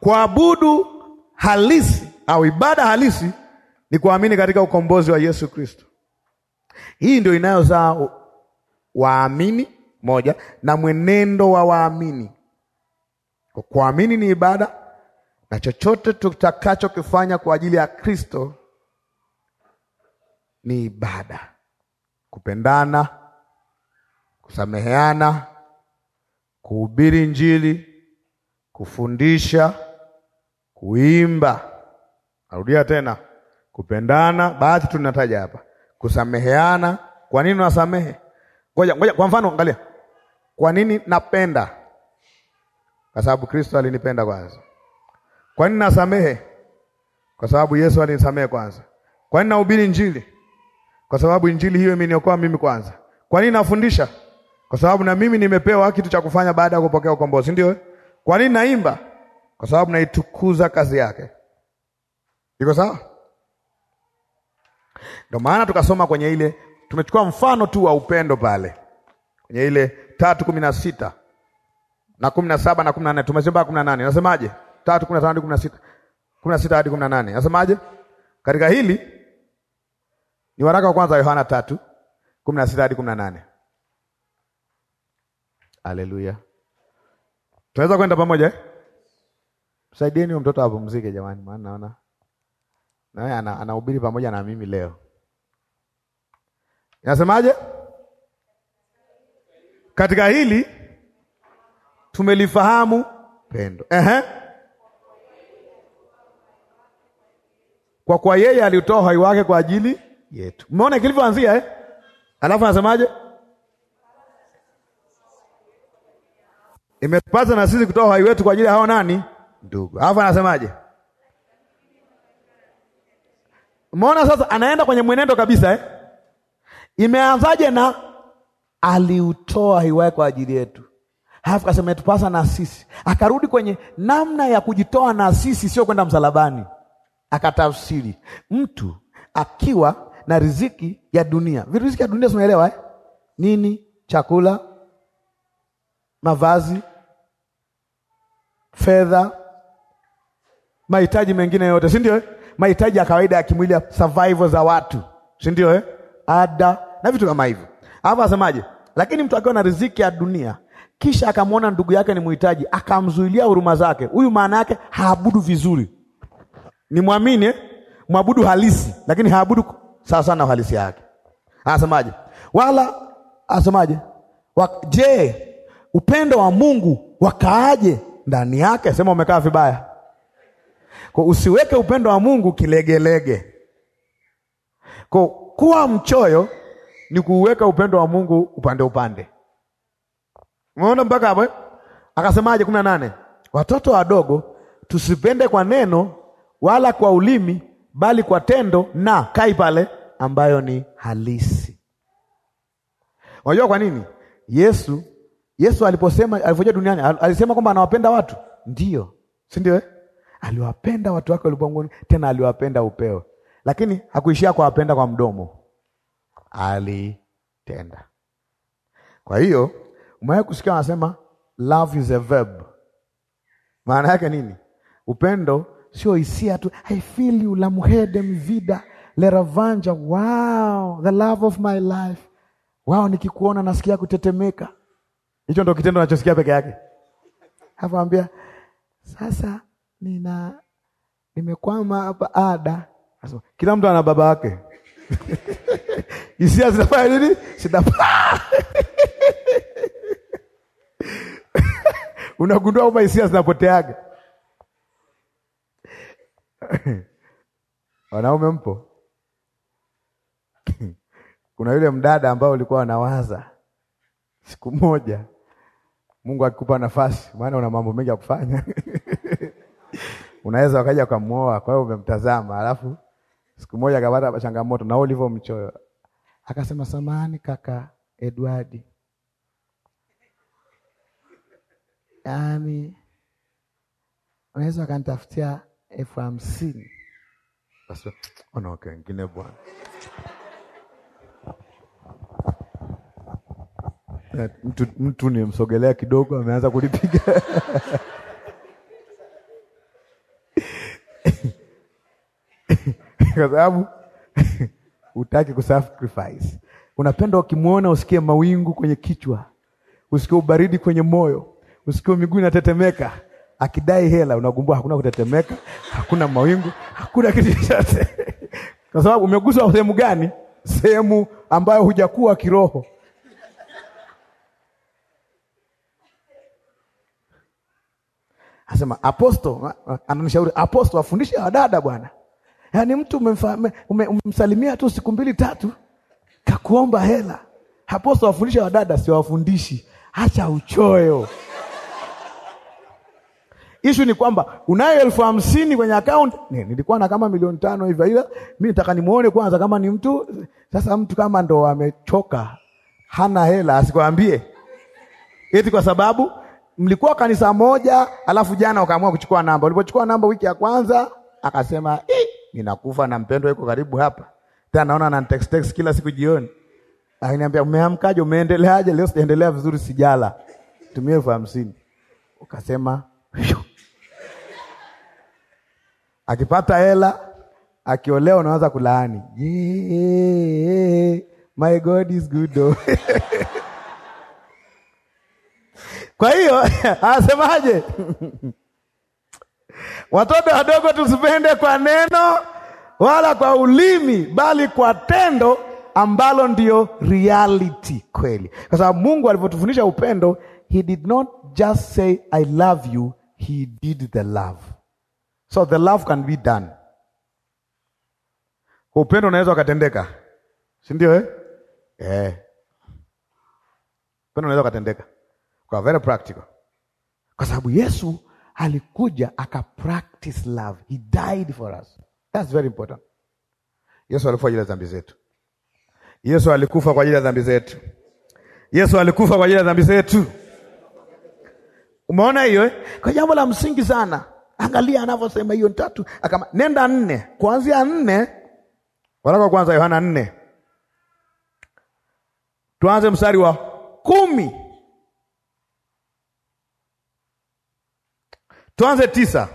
kuabudu halisi au ibada halisi ni kuamini katika ukombozi wa Yesu Kristo. Hii ndio inayozaa waamini moja na mwenendo wa waamini. Kuamini ni ibada, na chochote tutakachokifanya kwa ajili ya Kristo ni ibada: kupendana, kusameheana kuhubiri Injili, kufundisha, kuimba. Narudia tena, kupendana, baadhi tunataja hapa, kusameheana. Kwa nini nasamehe? Ngoja ngoja, kwa mfano, angalia, kwa nini napenda? Kwa sababu Kristo alinipenda kwanza. Kwa nini nasamehe? Kwa sababu Yesu alinisamehe kwanza. Kwa nini nahubiri Injili? Kwa sababu Injili hiyo imeniokoa mimi kwanza. Kwa nini nafundisha? kwa sababu na mimi nimepewa kitu cha kufanya baada ya kupokea ukombozi, ndio. Kwa nini naimba? Kwa sababu naitukuza kazi yake. Iko sawa? Ndio maana tukasoma kwenye ile, tumechukua mfano tu wa upendo pale kwenye ile tatu kumi na sita na kumi na saba na kumi na nane tumesema kumi na nane nasemaje? tatu kumi na tano hadi kumi na sita kumi na sita hadi kumi na nane nasemaje? katika hili ni waraka wa kwanza Yohana tatu kumi na sita hadi kumi na nane Haleluya, tunaweza kwenda pamoja eh? Saidieni huyo mtoto apumzike jamani, maana naona naye anahubiri pamoja na mimi leo. Inasemaje? Katika hili tumelifahamu pendo. Ehe. Kwa kuwa yeye alitoa uhai wake kwa ajili yetu. Umeona kilivyoanzia eh? Alafu anasemaje? Imetupasa na sisi kutoa uhai wetu kwa ajili ya hao nani ndugu. Alafu anasemaje? Umeona sasa, anaenda kwenye mwenendo kabisa eh? Imeanzaje na aliutoa hiwaye kwa ajili yetu, alafu akasema itupasa na sisi, akarudi kwenye namna ya kujitoa na sisi, sio kwenda msalabani. Akatafsiri mtu akiwa na riziki ya dunia, riziki ya dunia, tunaelewa eh? nini chakula, mavazi fedha, mahitaji mengine yote, si ndio? Eh? Mahitaji ya kawaida ya kimwili ya survival za watu, si ndio eh? Ada na vitu kama hivyo. Hapo asemaje? Lakini mtu akiwa na riziki ya dunia kisha akamwona ndugu yake ni muhitaji, akamzuilia huruma zake, huyu maana yake haabudu vizuri. Ni mwamini eh? mwabudu halisi, lakini haabudu sawa sana uhalisi yake. Anasemaje? Wala asemaje? Je, upendo wa Mungu wakaaje ndani yake. Sema umekaa vibaya. Kwa usiweke upendo wa Mungu kilegelege. Kwa kuwa mchoyo ni kuuweka upendo wa Mungu upande upande. Umeona mpaka hapo? Eh? Akasemaje kumi na nane? Watoto wadogo tusipende kwa neno wala kwa ulimi, bali kwa tendo na kai pale ambayo ni halisi. Unajua kwa nini Yesu Yesu aliposema alipoja duniani alisema kwamba anawapenda watu, ndio, si ndio? Eh? Aliwapenda watu wake ulimwenguni, tena aliwapenda upeo, lakini hakuishia kuwapenda kwa mdomo, alitenda. Kwa hiyo umewahi kusikia wanasema love is a verb. Maana yake nini? Upendo sio hisia tu. I feel you muhede mvida leravanja, wow the love of my life. Wow, nikikuona nasikia kutetemeka. Hicho ndo kitendo nachosikia peke yake. Akaambia sasa nina nimekwama hapa ada. Sasa kila mtu ana baba yake. Hisia zinafanya nini? Zinapaa. Unagundua kwamba hisia zinapoteaga. Wanaume mpo? Kuna yule mdada ambao ulikuwa anawaza siku moja Mungu akikupa nafasi, maana una mambo mengi ya kufanya unaweza ukaja ukamwoa. Kwa hiyo umemtazama, alafu siku moja akapata changamoto na ulivyo mchoyo, akasema samani kaka edwadi yaani unaweza ukanitafutia elfu hamsini. Basi ona oh wengine bwana Eh, mtu, mtu msogelea kidogo ameanza kulipiga kwa sababu utaki kusacrifice. Unapenda ukimwona usikie mawingu kwenye kichwa, usikie ubaridi kwenye moyo, usikie miguu inatetemeka, akidai hela unagumbua, hakuna kutetemeka, hakuna mawingu, hakuna kitu chochote kwa sababu umeguswa sehemu gani? Sehemu ambayo hujakuwa kiroho. Asema aposto, ananishauri aposto, afundishe wadada bwana. Yaani mtu umemsalimia ume, tu siku mbili tatu kakuomba hela. Aposto wafundishe wadada, siwafundishi, wafundishi. Acha uchoyo. Ishu ni kwamba unayo elfu hamsini kwenye akaunti. Nilikuwa na kama milioni tano hivyo, ila mi nataka nimwone kwanza kama ni mtu. Sasa mtu kama ndo amechoka hana hela, asikwambie eti kwa sababu mlikuwa kanisa moja, alafu jana ukaamua kuchukua namba. Ulipochukua namba wiki ya kwanza, akasema ninakufa na mpendwa yuko karibu hapa, tena naona na text text kila siku jioni, akaniambia umeamkaje? Umeendeleaje? Leo sijaendelea vizuri, sijala, tumie elfu hamsini. Ukasema akipata hela akiolewa, unaanza kulaani my God is good Kwa hiyo anasemaje? watoto wadogo tusipende kwa neno wala kwa ulimi, bali kwa tendo ambalo ndiyo reality kweli, kwa sababu Mungu alivyotufundisha upendo, he did not just say I love you, he did the love, so the love can be done. Upendo unaweza ukatendeka, si ndio eh? Eh, upendo unaweza ukatendeka kwa very practical, kwa sababu Yesu alikuja aka practice love, he died for us. That's very important. Yesu alikufa kwa ajili ya dhambi zetu. Yesu alikufa kwa ajili ya dhambi zetu. Yesu alikufa kwa ajili ya dhambi zetu. Umeona hiyo eh? Kwa jambo la msingi sana. Angalia anavyosema hiyo tatu, akama nenda nne, kuanzia nne, waraka wa kwanza Yohana nne, tuanze mstari wa kumi. Tuanze tisa,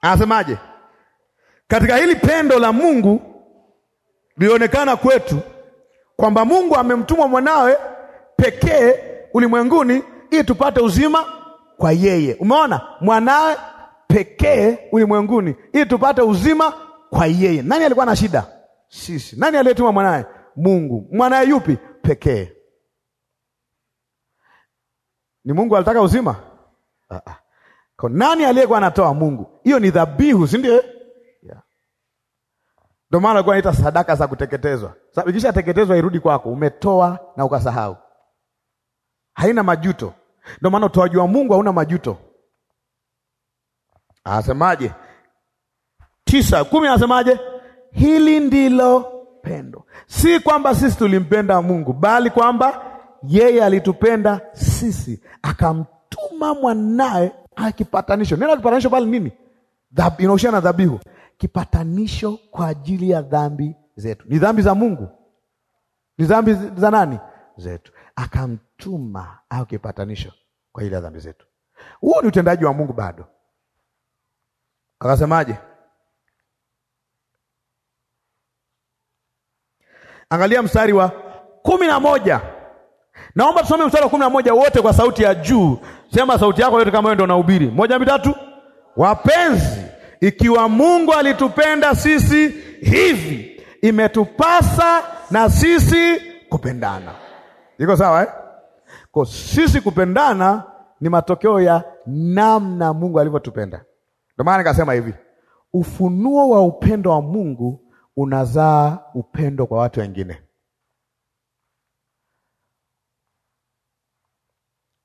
anasemaje? Katika hili pendo la Mungu lilionekana kwetu kwamba Mungu amemtuma mwanawe pekee ulimwenguni ili tupate uzima kwa yeye. Umeona, mwanawe pekee ulimwenguni ili tupate uzima kwa yeye. Nani alikuwa na shida? Sisi. Nani aliyetuma mwanawe? Mungu. Mwanawe yupi? Pekee. Ni Mungu alitaka uzima Ah, ah. Kwa nani aliyekuwa anatoa Mungu? Hiyo ni dhabihu, si ndio? Yeah. Ndio maana alikuwa anaita sadaka za kuteketezwa. Sababu ikisha teketezwa irudi kwako, umetoa na ukasahau. Haina majuto. Ndio maana utoaji wa Mungu hauna majuto. Anasemaje? Tisa kumi, anasemaje? Hili ndilo pendo, si kwamba sisi tulimpenda Mungu, bali kwamba yeye alitupenda sisi akam kama mwanaye akipatanisho. Neno kipatanisho pale nini? Inahusiana na dhabihu, kipatanisho kwa ajili ya dhambi zetu. Ni dhambi za Mungu, ni dhambi za nani? Zetu. Akamtuma au kipatanisho kwa ajili ya dhambi zetu. Huu ni utendaji wa Mungu bado. Akasemaje? Angalia mstari wa kumi na moja. Naomba tusome mstari wa kumi na moja wote kwa sauti ya juu sema sauti yako yote, kama wewe ndio unahubiri. Moja mitatu, wapenzi, ikiwa Mungu alitupenda sisi hivi, imetupasa na sisi kupendana. Iko sawa eh? Kwa sisi kupendana ni matokeo ya namna Mungu alivyotupenda. Ndio maana nikasema hivi, ufunuo wa upendo wa Mungu unazaa upendo kwa watu wengine.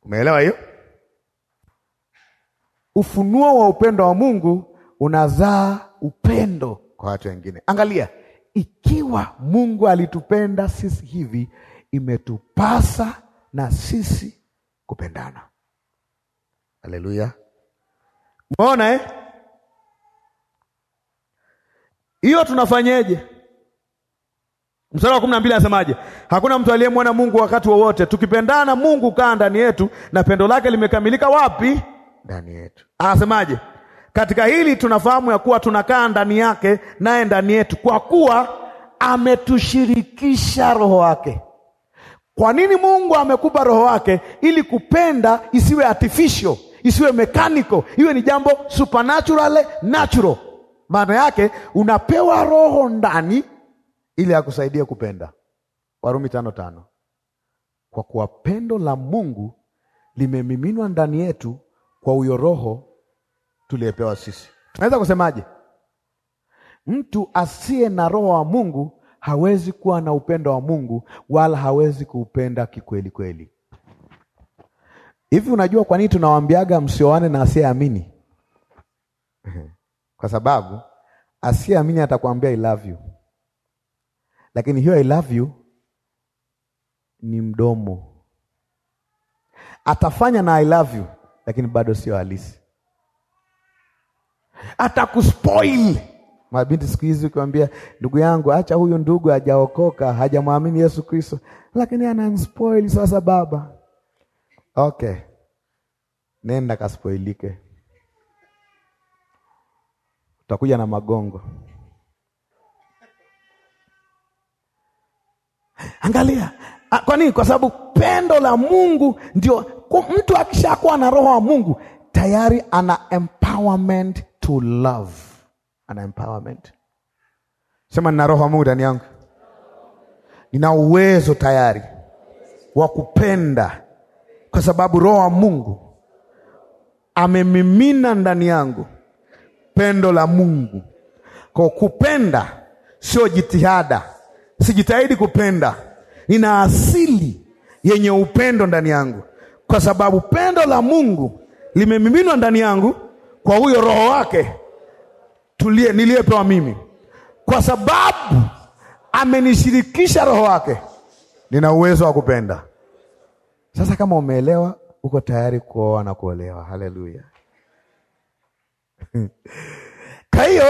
Umeelewa hiyo? ufunuo wa upendo wa Mungu unazaa upendo kwa watu wengine. Angalia, ikiwa Mungu alitupenda sisi hivi, imetupasa na sisi kupendana. Haleluya! Umeona eh? Hiyo tunafanyeje? Mstari wa kumi na mbili anasemaje? Hakuna mtu aliyemwona Mungu wakati wowote. Tukipendana, Mungu kaa ndani yetu na pendo lake limekamilika wapi? ndani yetu. Anasemaje? Katika hili tunafahamu ya kuwa tunakaa ndani yake naye ndani yetu, kwa kuwa ametushirikisha roho wake. Kwa nini Mungu amekupa roho wake? Ili kupenda isiwe artificial, isiwe mechanical, iwe ni jambo supernatural natural. Maana yake unapewa roho ndani ili akusaidie kupenda. Warumi tano tano. Kwa kuwa pendo la Mungu limemiminwa ndani yetu kwa huyo roho tuliyepewa sisi. Tunaweza kusemaje? Mtu asiye na roho wa Mungu hawezi kuwa na upendo wa Mungu wala hawezi kuupenda kikweli kweli. Hivi unajua kwa nini tunawaambiaga msioane na asiyeamini? Kwa sababu asiyeamini atakwambia I love you, lakini hiyo I love you ni mdomo. Atafanya na I love you lakini bado sio halisi. Atakuspoil. Mabinti siku hizi ukiwambia ndugu yangu, acha huyu ndugu hajaokoka, hajamwamini Yesu Kristo, lakini ananspoil sasa baba. Okay, nenda kaspoilike, utakuja na magongo. Angalia, kwa nini? Kwa sababu pendo la Mungu ndio mtu akishakuwa na roho wa Mungu tayari ana empowerment to love, ana empowerment. Sema nina roho wa Mungu ndani yangu, nina uwezo tayari wa kupenda, kwa sababu roho wa Mungu amemimina ndani yangu pendo la Mungu. Kwa kupenda sio jitihada, sijitahidi kupenda, nina asili yenye upendo ndani yangu kwa sababu pendo la Mungu limemiminwa ndani yangu kwa huyo Roho wake tulie niliyepewa mimi, kwa sababu amenishirikisha Roho wake, nina uwezo wa kupenda. Sasa kama umeelewa, uko tayari kuoa na kuolewa. Haleluya! Kwa hiyo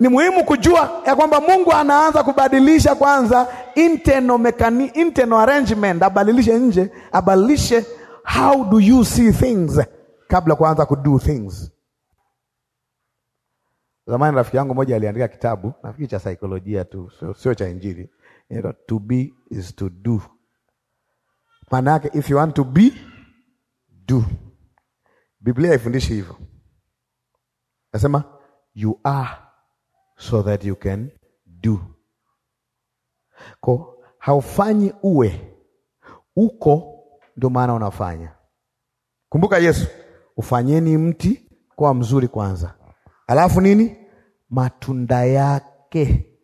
ni muhimu kujua ya kwamba Mungu anaanza kubadilisha kwanza internal mechanic, internal arrangement, abadilishe nje, abadilishe how do you see things kabla kuanza kudo things. Zamani rafiki yangu mmoja aliandika kitabu, nafikiri cha saikolojia tu, sio so cha Injili. Inaitwa to be is to do. Maana yake if you want to be do. Biblia haifundishi hivyo. Nasema you are so that you can do. Ko haufanyi uwe uko ndio maana unafanya. Kumbuka Yesu, ufanyeni mti kuwa mzuri kwanza, alafu nini? Matunda yake